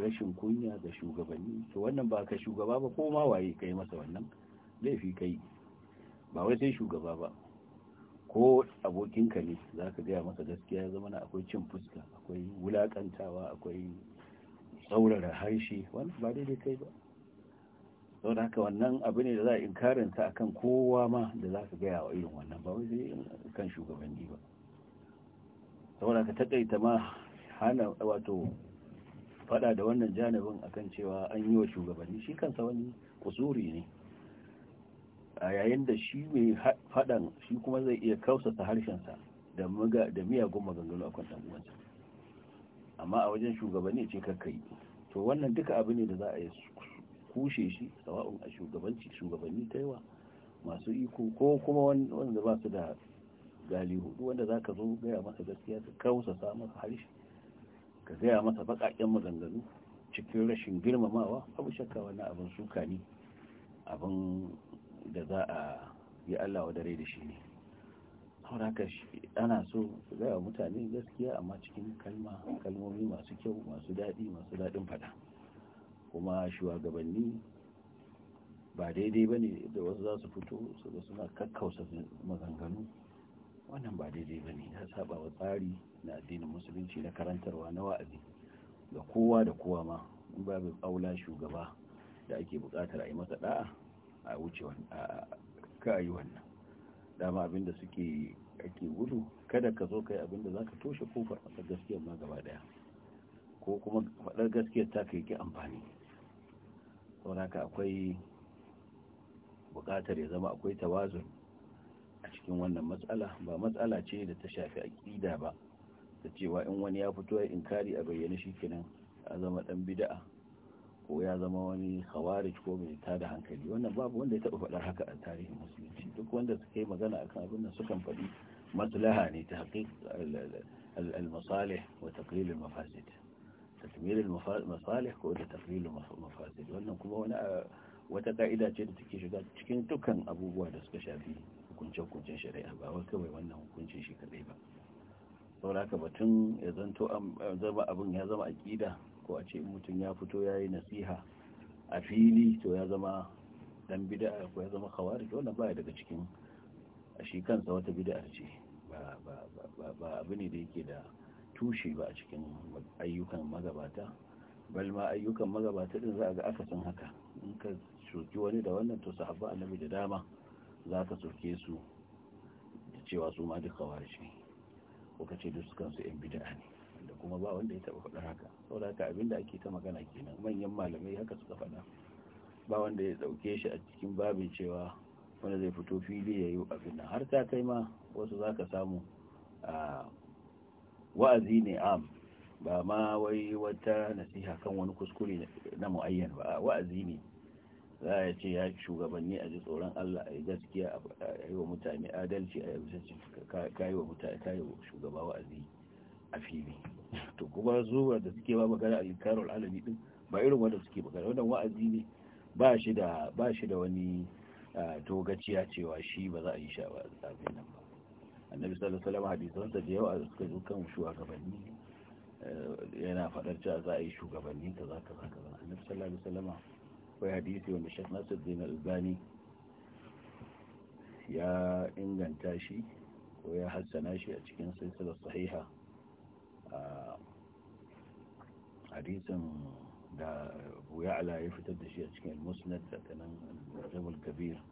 rashin kunya ga shugabanni to wannan ba ka shugaba ba ko ma waye kai masa wannan laifi kai ba wai sai shugaba ba ko abokinka ne za ka gaya masa gaskiya zama na akwai cin fuska akwai wulakantawa akwai tsaurara harshe wani ba daidai kai ba sau da haka wannan abu ne da za a inkarinta a kan kowa ma da za ka gaya wa irin wannan ba wai kan shugabanni ba sau da ka taƙaita ma hana wato fada da wannan janibin akan cewa an yi wa shugabanni shi kansa wani kusuri ne a yayin da shi mai faɗan shi kuma zai iya kausata harshensa da da miyagun maganganu a kwanta sa amma a wajen shugabanni ce kakkai to wannan duka abu ne da za a yi kushe shi sawa'un a shugabanci shugabanni yawa masu iko ko kuma wanda ba su da galihu wanda za ka zo gaya masa gaskiya ka kausasa masa harshe ka gaya masa baƙaƙen maganganu cikin rashin girmamawa abu shakka wannan abin suka ne abin da za a yi Allah wa dare da shi ne haka ana so zai wa mutane gaskiya amma cikin kalma kalmomi masu kyau masu daɗi masu daɗin fada kuma shugabanni ba daidai ba ne da wasu za su fito su ga suna kakkausa maganganu wannan ba daidai ba ne ya saba wa tsari na addinin musulunci na karantarwa na wa'azi ga kowa da kowa ma in babu aula shugaba da ake bukatar a yi masa da'a a wuce ka yi wannan dama abinda suke ake gudu kada ka zo kai abinda za ka toshe kofar a gaskiyar ma gaba daya ko kuma faɗar gaskiyar ta ka yi amfani sauraka akwai buƙatar ya zama akwai tawazun a cikin wannan matsala ba matsala ce da ta shafi aƙida ba da cewa in wani ya fito ya inkari a bayyane shi kenan a zama ɗan bida'a ko ya zama wani khawarij ko mai da hankali wannan babu wanda ya taɓa faɗar haka a tarihin musulunci duk wanda suka yi magana akan abin nan sukan faɗi maslaha ne ta haƙiƙ al-masalih wa taqlil al-mafasid takmil masalih ko da taqlil al-mafasid wannan kuma wani wata ka'ida ce da take shiga cikin dukkan abubuwa da suka shafi hukunce-hukuncen shari'a ba wai kawai wannan hukuncin shi kadai ba saboda haka batun ya zanto zama abin ya zama aƙida ko a ce mutum ya fito ya yi nasiha a fili to ya zama dan bida'a ko ya zama to wannan baya daga cikin shi kansa wata bida'a ce ba abu ne da yake da tushe ba a cikin ayyukan magabata bal ma ayyukan magabata din za a ga akasin haka in ka soki wani da wannan to sahabba annabi da dama za ka soke su da cewa su ma duk khawarij ko ka ce duk su kansu yan bida'a ne da kuma ba wanda ya taba faɗa haka saboda haka da ake ta magana kenan manyan malamai haka suka faɗa ba wanda ya ɗauke shi a cikin babin cewa wanda zai fito fili ya yi abin nan har ta kai ma wasu za ka samu a wa'azi ne am ba ma wai wata nasiha kan wani kuskure na mu'ayyan ba wa'azi ne za a ce ya shugabanni a ji tsoron Allah a yi gaskiya a yi wa mutane adalci a yi wa shugaba wa'azi a fili to kuma zuwa da suke ba magana likarar alami din ba irin wanda suke magana wannan wa'azi ne ba shi da ba shi da wani togaciya cewa shi ba za a yi shi a abin nan ba annabi sallallahu alaihi wasallam hadisansa da yawa suka zo kan shugabanni eh, yana fadar cewa za a yi shugabanni kaza kaza kaza annabi sallallahu alaihi wasallam akwai hadisi wanda Sheikh Nasiruddin Albani ya inganta shi ko ya hassana shi a cikin sai sahiha آه، حديثاً ده أبو يعلى يفتد الشيء كان المسند كان المعجم الكبير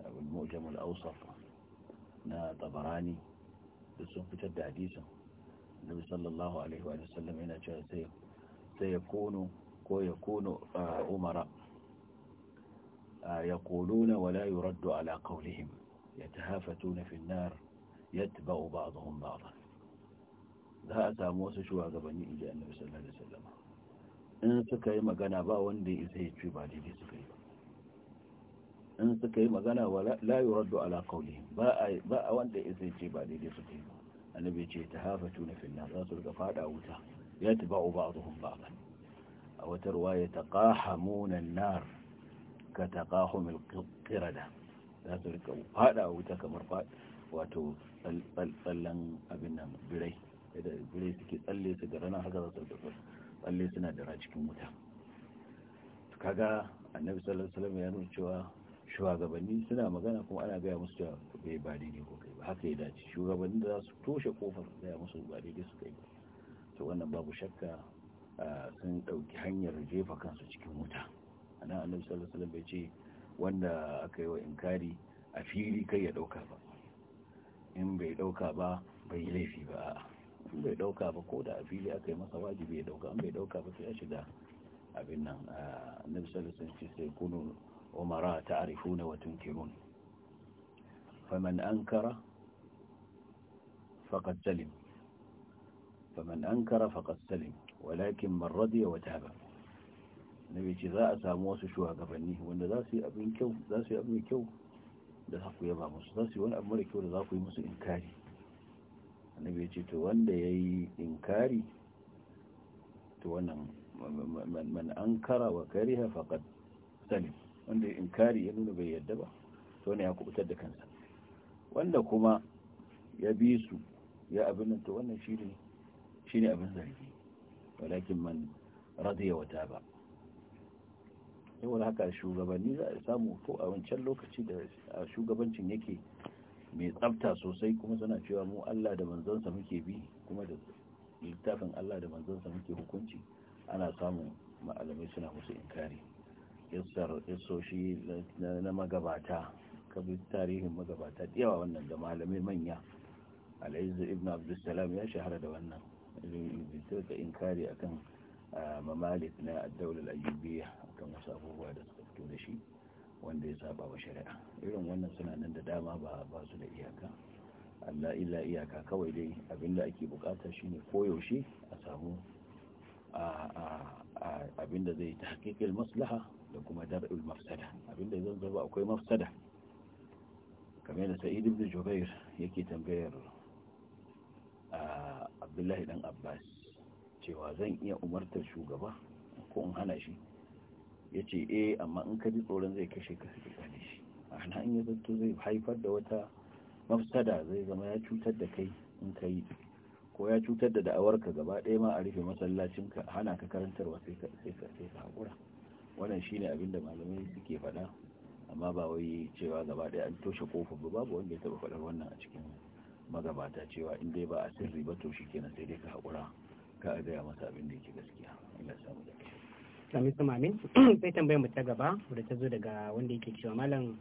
آه، والمعجم الأوسط نا طبراني بسهم فتد حديثاً النبي صلى الله عليه وآله وسلم هنا جاء سيكون ويكون يكون آه، يقولون ولا يرد على قولهم يتهافتون في النار يتبع بعضهم بعضاً za a samu wasu shugabanni in annabi sallallahu alaihi wasallam in suka yi magana ba wanda ya sai ce ba daidai suka yi ba in suka yi magana wa la yuraddu ala qawli ba a wanda ya sai ce ba daidai suka yi ba annabi ce ta hafatu na finna za su rika fada wuta ya tabu ba'dhum ba'dan a wata ruwaya taqahamuna an-nar ka taqahum al-qirada za su rika fada wuta kamar wato tsallan abin nan birai da gure suke tsalle su da haka za su tsalle suna dara cikin wuta kaga annabi sallallahu alaihi wasallam ya nuna cewa shugabanni suna magana kuma ana gaya musu cewa bai ba daidai ko kai ba haka ya dace shugabanni da za su toshe kofar gaya musu ba daidai su kai ba to wannan babu shakka sun ɗauki hanyar jefa kansu cikin wuta ana annabi sallallahu alaihi wasallam bai ce wanda aka yi wa inkari a fili kai ya ɗauka ba in bai ɗauka ba bai laifi ba bai dauka ba ko da a fili aka yi masa wajibi ya dauka an bai dauka ba sai ya shiga abin nan a nufsar sun ce sai kunu umara ta arifu na watun kirun faman an kara faƙad salim faman an kara faƙad salim walakin man radiya wata ba na ce za a samu wasu shugabanni wanda za su yi abin kyau da za ku yaba musu za su yi wani abin mara kyau da za ku yi musu inkari annabi ce to wanda ya yi inkari to wannan man an kara wa kariha faqad salim wanda ya inkari ya nuna bai yadda ba to ne ya kubutar da kansa wanda kuma ya bi su ya abin to wannan shi ne abin zargi walakin man radiya wata ba yawon haka shugabanni za a samu ko a wancan lokaci da shugabancin yake mai tsafta sosai kuma suna cewa mu Allah da manzansa muke bi kuma da littafin Allah da manzansa muke hukunci ana samun malamai suna musu inkari yassar shi na magabata kabi tarihin magabata yawa wannan da malamai manya al'izzu ibn abdussalam ya shahara da wannan ilmin da inkari akan ah, mamalik na addaular ayyubiya akan wasu abubuwa da suka fito da shi wanda ya saba wa shari'a irin wannan suna nan da dama ba ba su da iyaka Allah illa iyaka kawai dai abinda ake bukata shine koyaushe a samu abinda zai tahqiqil maslaha da kuma dar'ul mafsada abinda zan zaba akwai mafsada kamar da Sa'id ibn Jubair yake tambayar Abdullahi dan Abbas cewa zan iya umartar shugaba ko in hana shi ya ce eh amma in ka ji tsoron zai kashe ka suke gane shi ana in ya zanto zai haifar da wata mafsada zai zama ya cutar da kai in ka yi ko ya cutar da da'awar ka gaba daya ma a rufe masallacin ka hana ka karantarwa sai ka sai ka sai ka hakura wannan shine abin da malamai suke faɗa amma ba wai cewa gaba ɗaya an toshe kofa ba babu wanda ya taɓa faɗar wannan a cikin magabata cewa in dai ba a sirri ba to shikenan sai dai ka hakura ka gaya masa abin da yake gaskiya Allah ya samu da Amin su <clears throat> mamin. Sai tambayar mu ta gaba wadda ta zo daga wanda yake cewa malam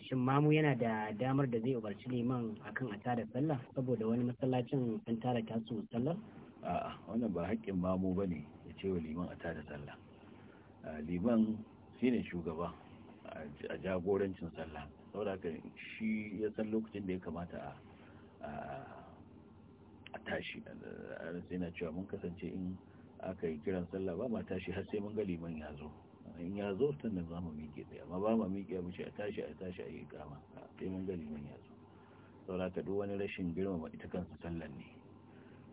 shin mamu yana da damar da zai ubarci liman akan a tara sallah saboda wani masallacin an tara tasu sallar? A'a wannan ba haƙƙin mamu ba ne ya ce wa liman a tara sallah. Liman shine shugaba a jagorancin sallah. Saboda haka shi ya san lokacin da ya kamata a tashi. Sai na cewa mun kasance in aka yi kiran sallah ba ma tashi har sai mun ga liman ya zo in ya zo sannan za mu miƙe tsaye amma ba mu miƙe mu ce a tashi a tashi a yi kama sai mun ga liman ya zo saura ta duk wani rashin girmama ita kansa sallan ne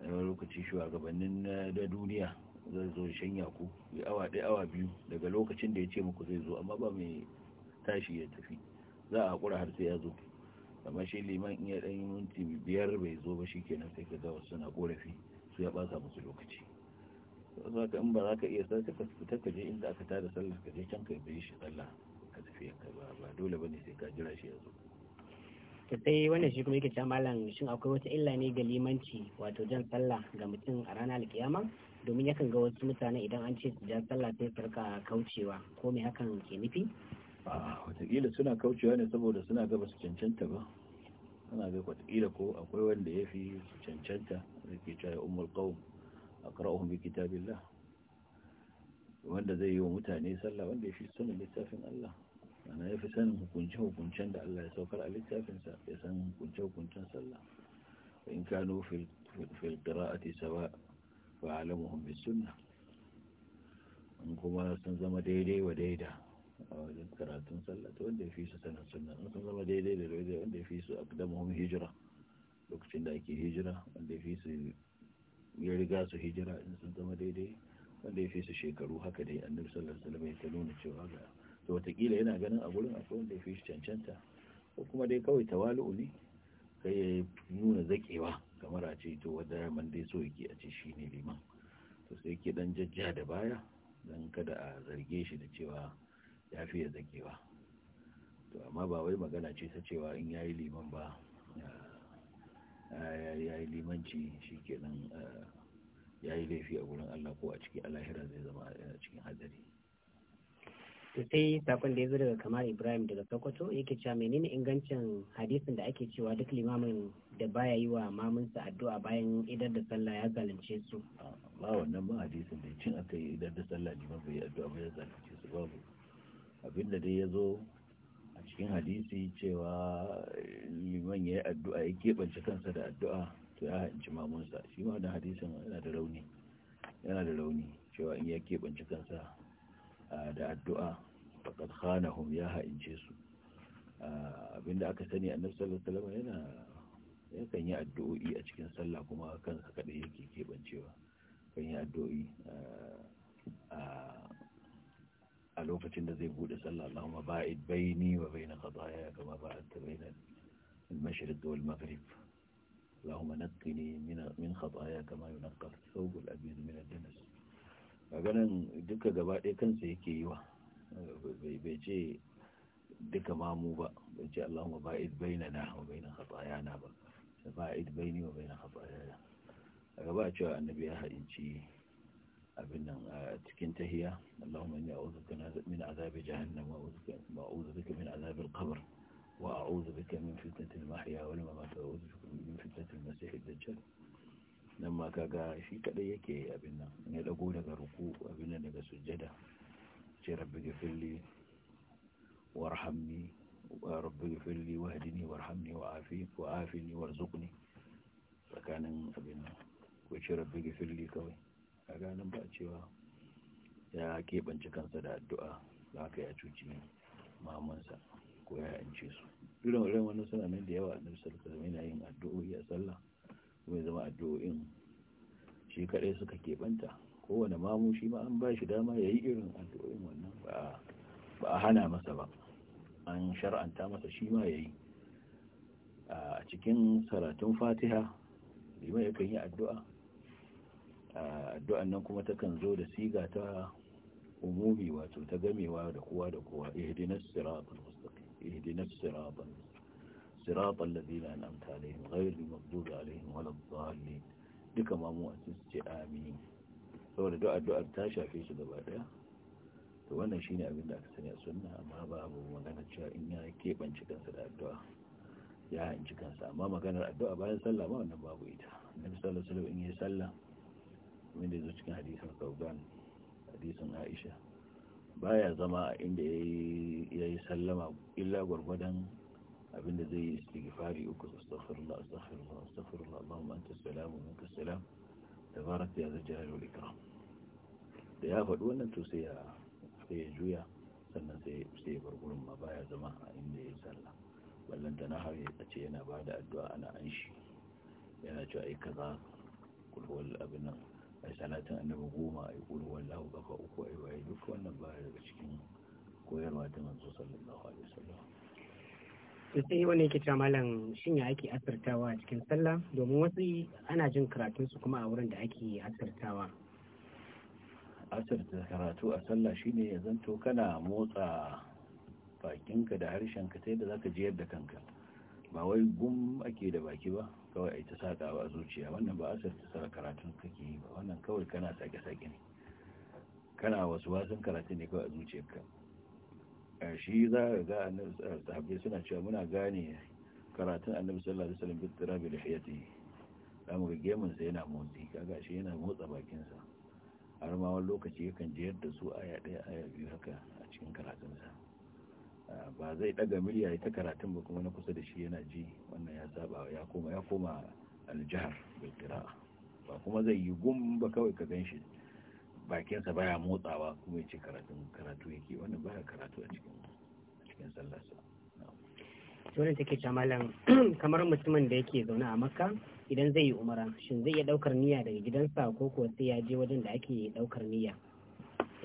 a yawan lokaci shugabannin da duniya zai zo shanya yaku ya awa ɗaya awa biyu daga lokacin da ya ce muku zai zo amma ba mai tashi ya tafi za a haƙura har sai ya zo amma shi liman in ya ɗan minti biyar bai zo ba shi kenan sai ka ga wasu na ƙorafi su ya ɓata musu lokaci zuwa in ba za ka iya sai ka fita ka je inda aka tada sallah ka je can ka yi shi sallah ka tafi ka ba ba dole bane sai ka jira shi yanzu to sai wannan shi kuma yake cewa malam shin akwai wata illa ne ga limanci wato jan sallah ga mutum a ranar alkiyama domin yakan ga wasu mutane idan an ce su ja sallah sai su rika kaucewa ko me hakan ke nufi wataƙila suna kaucewa ne saboda suna ga ba su cancanta ba suna ga wataƙila ko akwai wanda ya fi cancanta zai ke cewa umar kawun أقرأهم بكتاب الله وأن ذي ومتاني سلا وأن ذي في سنة لتافن الله أنا يفسن كن شو كن شن دع الله يسوكر على التافن يفسن كن شو كن شن سلا وإن كانوا في في القراءة سواء فعلمهم بالسنة أنكم على سنة ما ديدا وديدا وأن القراءة سلا وأن ذي في سنة سنة أنكم ما ديدا وديدا وأن ذي في أقدمهم هجرة لوكتين دايكي هجرة وأن ذي في ya riga su hijira in sun zama daidai wanda ya fi shekaru haka dai annabi sallallahu alaihi wasallam ya ta nuna cewa ga to watakila yana ganin a gurin akwai wanda ya fi cancanta ko kuma dai kawai tawalu'u ne kai ya nuna zakewa kamar a ce to wanda man dai so yake a ce shi ne liman to sai yake dan jajja da baya dan kada a zarge shi da cewa ya fi ya zakewa to amma ba wai magana ce ta cewa in yayi liman ba ya yi limanci shi kenan ya yi laifi a wurin Allah ko a cikin alahira zai zama a cikin hadari to sai sakon da ya zo daga kamar ibrahim daga sokoto yake cewa menene ingancin hadisin da ake cewa duk limamin da baya yi wa mamunsa addu'a bayan idar da sallah ya zalunce su ba wannan ba hadisin da cin aka yi idar da sallah liman bai addu'a ba ya zalunce su babu abinda dai ya zo cikin hadisi cewa liman ya yi addu'a ya keɓance kansa da addu'a to ya hanci mamunsa shi ma da hadisin yana da rauni yana da rauni cewa in ya keɓance kansa da addu'a faƙad khanahum ya ha'ince su abinda aka sani a sallallahu salama yana yakan yi addu'o'i a cikin sallah kuma kansa kaɗai yake keɓancewa kan yi addu'o'i a lokacin da zai bude sallah Allahumma ba'id baini wa baina qadaya kama ba'adta baina al-mashriq wal maghrib Allahumma naqqini min min khataaya kama yunqqa thawb al-abyad min ad-danas maganan duka gaba ɗaya kansa yake yi wa bai bai ce duka mamu ba bai ce Allahumma ba'id na wa baina na ba ba'id baini wa baina khataaya gaba a cewa annabi ya haɗinci أبنا آه، تكنت هي اللهم إني أعوذ بك من عذاب جهنم وأعوذ بك من عذاب القبر وأعوذ بك من فتنة المحيا ولما ما تعوذ بك من فتنة المسيح الدجال لما كاقا في كليك أبنا إني لقو لك ركوع أبنا لك سجدة جي ربي اغفر لي وارحمني ربي اغفر لي واهدني وارحمني وعافيك وعافني وارزقني فكان أبنا وجي ربي اغفر لي كوي A nan ba cewa ya keɓance kansa da addu'a za ka ya cuci mamansa ko ya yance su irin wurin wani suna da yawa a nan sarki zama yana yin addu'o'i a sallah kuma zama addu'o'in shi kaɗai suka keɓanta kowane mamu shi ma an ba shi dama ya yi irin addu'o'in wannan ba a hana masa ba an shar'anta masa shi ma ya yi a cikin saratun fatiha liman yakan yi addu'a addu'an nan kuma takan zo da siga ta umumi wato ta gamewa da kowa da kowa ihdinas siratal mustaqim ihdinas siratal siratal ladina an'amta alaihim ghayril maghdubi alaihim waladdallin duka ma mu a cikin amin saboda duk addu'ar ta shafe su gaba daya to wannan shine abin da aka sani a sunna amma ba abu magana cewa in ya keɓance kansa da addu'a ya hanci kansa amma maganar addu'a bayan sallah ba wannan babu ita Na sallallahu salo wasallam in yi sallah wanda da zo cikin hadisin sauban hadisin aisha baya zama a inda ya yi sallama illa gwargwadon abinda zai yi istighfari uku astaghfirullah astaghfirullah astaghfirullah allahumma anta salamu minka salam tabarak ya zai jalal ikram da ya faɗi wannan to sai ya sai juya sannan sai sai ya gurgurun ma baya zama a inda ya yi ballan ta na har ya ce yana da addu'a ana an shi yana cewa ai kaza kulhuwal abin nan a yi salatin annabi goma a yi ƙulu wallahu ƙafa uku a yi waye duk wannan baya daga cikin koyarwa ta manzo sallallahu alaihi wasallam to sai wani yake cewa malam shin ya ake asirtawa a cikin sallah domin wasu ana jin karatun su kuma a wurin da ake asirtawa asirta karatu a sallah shine ya zanto kana motsa bakinka da harshenka sai da zaka jiyar da kanka ba wai gum ake da baki ba kawai a yi ta saƙa ba zuciya wannan ba asar ta sara karatun kake yi ba wannan kawai kana sake-sake ne kana wasu wasan karatu ne kawai a zuciyarka shi za a ga sahabbai suna cewa muna gane karatun annabi sallallahu alaihi wasallam bittira bi hayati zamu ga gemun sa yana motsi kaga shi yana motsa bakin sa har ma wani lokaci yakan je yadda su aya daya aya biyu haka a cikin karatun sa ba zai daga murya ya ta karatun ba kuma na kusa da shi yana ji wannan ya saba ya koma ya koma aljihar bai ba kuma zai yi gum ba kawai ka gan shi bakinsa baya motsawa kuma ya ce karatun karatu yake wannan baya karatu a cikin cikin sallarsa dole take ta <clears throat> kamar mutumin da yake zaune a makka idan zai yi umara shin zai iya daukar niyya daga gidansa ko kuwa sai ya je wajen da ake daukar niyya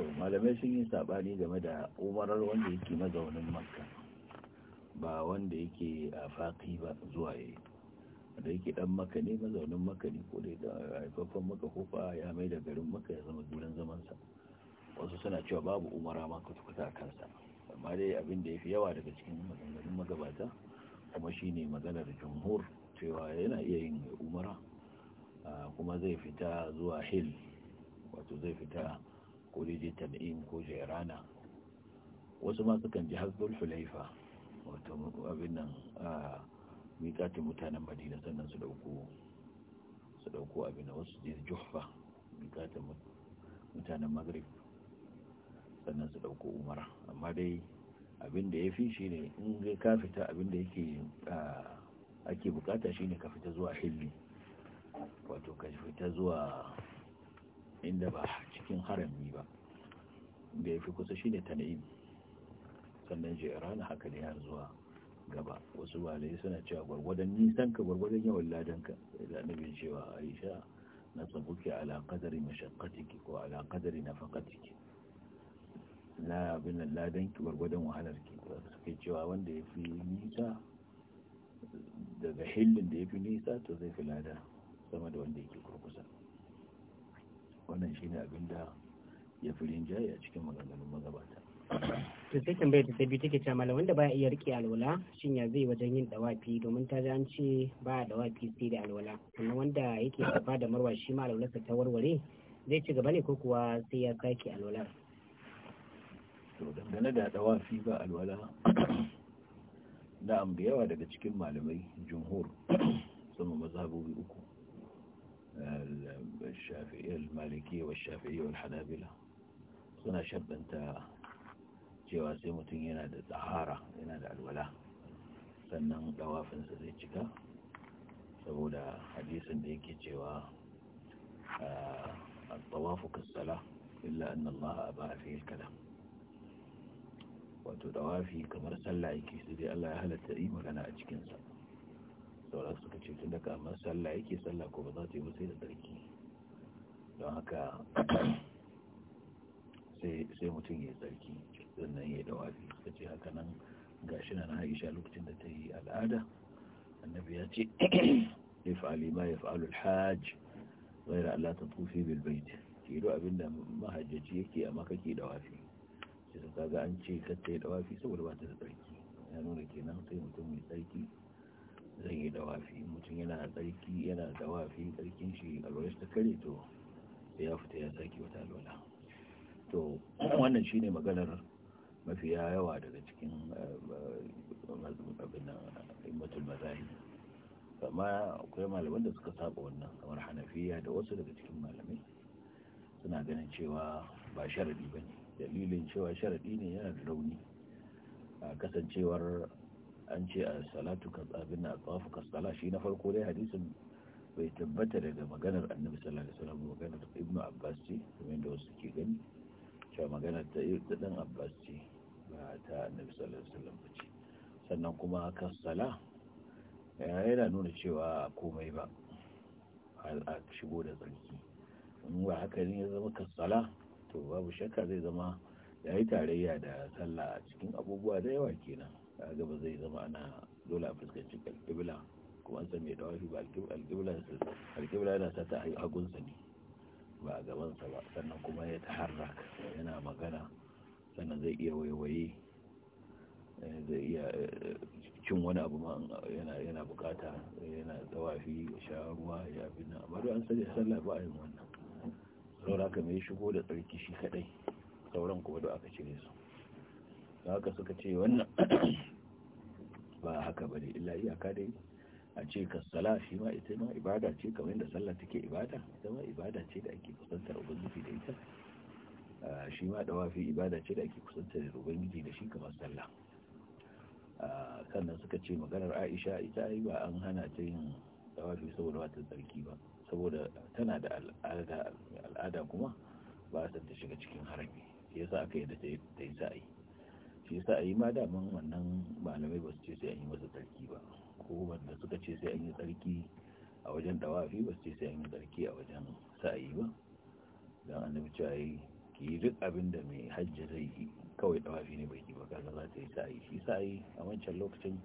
to malamai sun yi sabani game da umarar wanda yake mazaunin makka ba wanda yake a faƙi ba zuwa yi da yake dan maka ne mazaunin maka ne ko dai da haifafan maka ko ba ya mai da garin maka ya zama gurin zamansa wasu suna cewa babu umara ma kuta a kansa amma dai abin da ya fi yawa daga cikin maganganun magabata kuma shi ne maganar jamhur cewa yana iya yin umara kuma zai fita zuwa hill wato zai fita ko daidai tan'im ko rana wasu ma sukan ji hasbul hulaifa wato abin nan a miƙatin mutanen madina sannan su dauko su dauko abin nan wasu je juhfa miƙatin mutanen maghrib sannan su dauko umara amma dai abin da ya fi shi ne in zai ka fita abin da yake ake bukata shi ne ka fita zuwa hilli wato ka fita zuwa inda ba cikin harami ba da ya fi kusa shi ne tana'im sannan jerana haka ne har zuwa gaba wasu malai suna cewa gwargwadon nisan ka gwargwadon yawan ladanka da annabin cewa aisha na tsabuki ala kadari mashakkatiki ko ala kadari nafaqatiki na abin nan ladanki gwargwadon wahalarki suke cewa wanda ya fi nisa daga hillin da ya fi nisa to zai fi lada sama da wanda yake kurkusa wannan shi ne abin da ya fi rinjaye a cikin maganganun magabata to sai tambayar ta biyu take cewa malamin wanda baya iya rike alwala shin ya zai wajen yin dawafi domin ta ji an ce ba dawafi sai da alwala sannan wanda yake ba da marwa shi ma alwalarsa ta warware zai ci gaba ne ko kuwa sai ya sake alwalar to dangane da dawafi ba alwala am da yawa daga cikin malamai jumhur sama mazhabobi uku الشافعية المالكية والشافعية والحنابلة suna shaddanta cewa sai mutum yana da tsahara yana da alwala sannan dawafinsa zai cika saboda hadisin da yake cewa a tsawafu kassala illa an Allah a ba a fiye kalam wato dawafi kamar sallah yake sai dai Allah ya halatta yi magana a cikinsa ce tun daga amma sallah yake sallah ko ba za ta yi ba sai da tsarki don haka sai mutum ya tsarki sannan ya dawafi ta ce haka nan gashi na haisha lokacin da ta yi al'ada annabi ya ce ya fa'ali ma ya fa'alu alhaj zai da Allah ta tufi bilbait ke do abinda mahajjaci yake amma ke dawafi sai ka ga an ce kacce dawafi saboda ba ta da tsarki ya nuna kenan sai mutum mai tsarki zai yi dawafi mutum yana tsarki yana dawafi tsarkin shi alwalar ta kare to ya fita ya sake wata lola to wannan shi ne maganar mafiya yawa daga cikin eh, abin nan amma akwai malaman da suka saba wannan kamar hanafiya da wasu daga cikin malamai suna ganin cewa ba sharadi ba ne dalilin cewa sharadi ne yana da rauni a kasancewar an ce a salatu abin na tsawafu tsala shi na farko dai hadisin bai tabbata daga maganar annabi sallallahu alaihi wasallam maganar ibn abbas ce kuma yadda wasu ke gani cewa maganar ta ta dan abbas ce ba ta annabi sallallahu alaihi wasallam ce sannan kuma kasala yana nuna cewa komai ba a shigo da tsarki in ba haka ne ya zama kasala to babu shakka zai zama ya yi tarayya da sallah a cikin abubuwa da yawa kenan kaga gaba zai zama ana dole a fuskanci alkibla kuma an san mai dawafi ba alkibla yana sa ta hagunsa ne ba a gabansa ba sannan kuma ya ta taharrak yana magana sannan zai iya waiwaye eh, zai iya eh, cin wani abu ma yana bukata yana tawafi ya sha ruwa ya fi na amma an sani sallah ba a yin wannan saura ka mai shigo da tsarki shi kadai sauran kuma da aka cire su da haka suka ce wannan <clears throat> ba haka bane illa iyaka dai a ce ka sala shi ma ita ma ibada ce kamar yadda sallah take ibada ita ma ibada ce da ake kusantar ubangiji da ita shi ma dawafi ibada ce da ake kusantar ubangiji da shi kamar sallah sannan suka ce maganar aisha ita yi ba an hana ta yin dawafi saboda wata tsarki ba saboda tana da al'ada kuma ba a san ta shiga cikin harami yasa aka yi da ta yi yi. shi yasa a yi ma daman wannan malamai ba su ce sai an yi masa tsarki ba ko wanda suka ce sai an yi tsarki a wajen dawafi ba su ce sai an yi tsarki a wajen sa'ayi ba don annabi cewa yi ki yi duk abin da mai hajji zai yi kawai dawafi ne bai yi ba kaga za ta yi sa'ayi shi yi a wancan lokacin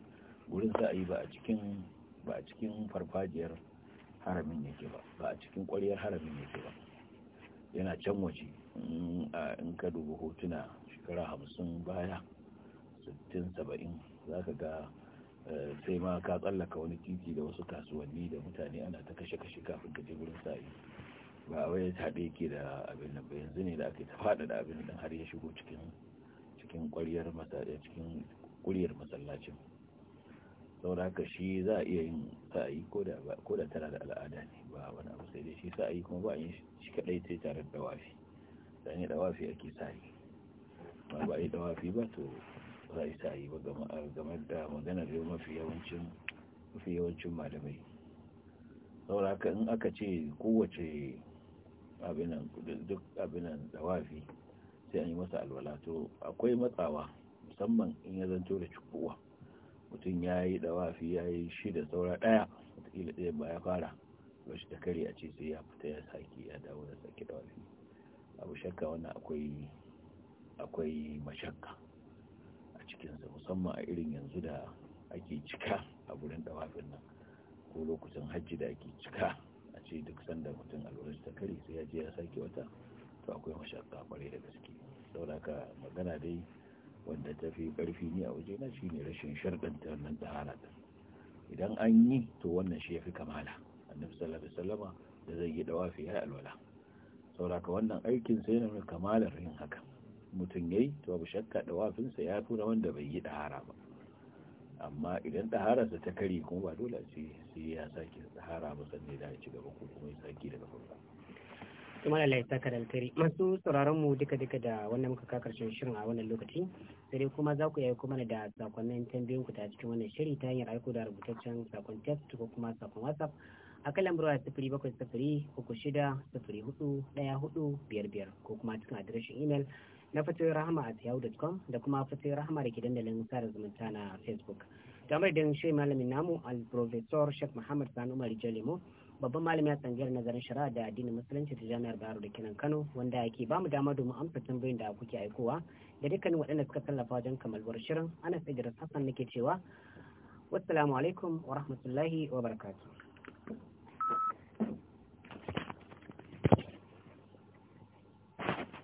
wurin sa'ayi ba a cikin ba a cikin farfajiyar haramin ke ba ba a cikin kwaryar haramin yake ba yana can waje in ka dubi hotuna shekara hamsin baya sittin saba'in za ka ga eh, sai ma ka tsallaka wani titi da wasu kasuwanni da mutane ana ta kashe-kashe kafin ka je wurin sa'i ba wai taɓe ke da abin nan ba yanzu ne da yi ta faɗa da abin nan har ya shigo cikin eh, ƙuryar ƙwariyar cikin ƙuriyar masallacin saboda haka shi za a iya yin sa'i ko da tana da al'ada ne ba wani abu sai dai shi sa'i kuma ba a yin shi kaɗai sai tare da dawafi don yi dawafi ake sa'i ba a yi dawafi ba to za yi sa yi game da maganar yau mafi yawancin malamai saboda haka in aka ce kowace abinan duk abinan dawafi sai an yi masa alwala to akwai matsawa musamman in ya zanto da cikowa mutum ya yi dawafi ya yi shida saura daya watakila ɗaya ba ya fara shi da kare a ce sai ya fita ya sake ya dawo da sake dawafi abu shakka wannan akwai mashakka cikinsa musamman a irin yanzu da ake cika a gurin dawafin nan ko lokacin hajji da ake cika a ce duk sanda mutum alwalar ta kare sai ya je ya sake wata to akwai mashaka kwarai da gaske sauraka magana dai wanda ta fi karfi ne a waje na shine rashin ta wannan tsara ɗin idan an yi to wannan shi ya fi kamala annabi sallallahu alaihi wasallama da zai yi dawafi ya alwala sauraka wannan aikin sai na kamalar yin haka. mutum yayi to babu shakka dawafinsa ya tura wanda bai yi dahara ba amma idan sa ta kare kuma ba dole sai ya sake dahara ba sannan da ya ci gaba ko kuma ya sake daga farko kuma Allah ya saka da masu sauraron mu duka duka da wannan muka ka karshen shirin a wannan lokaci sai dai kuma za ku yi kuma da sakonnin tambayoyin ku ta cikin wannan shiri ta hanyar aiko da rubutaccen sakon text ko kuma sakon WhatsApp a kan lambar sifiri bakwai sifiri uku shida sifiri hudu daya hudu biyar biyar ko kuma cikin adireshin imel. na fatin rahama at yahoo.com da kuma fatin rahama da ke dandalin sada zumunta na facebook kamar da shi malamin namu al-professor sheikh muhammad sani umar jalimo babban malami a tsangiyar nazarin shari'a da addinin musulunci ta jami'ar bayero da kenan kano wanda ke ba mu dama domin amsa tambayoyin da kuke aikowa da dukkanin waɗanda suka tallafa wajen kamalwar shirin ana sai da na nake cewa wassalamu alaikum wa rahmatullahi wa barakatuh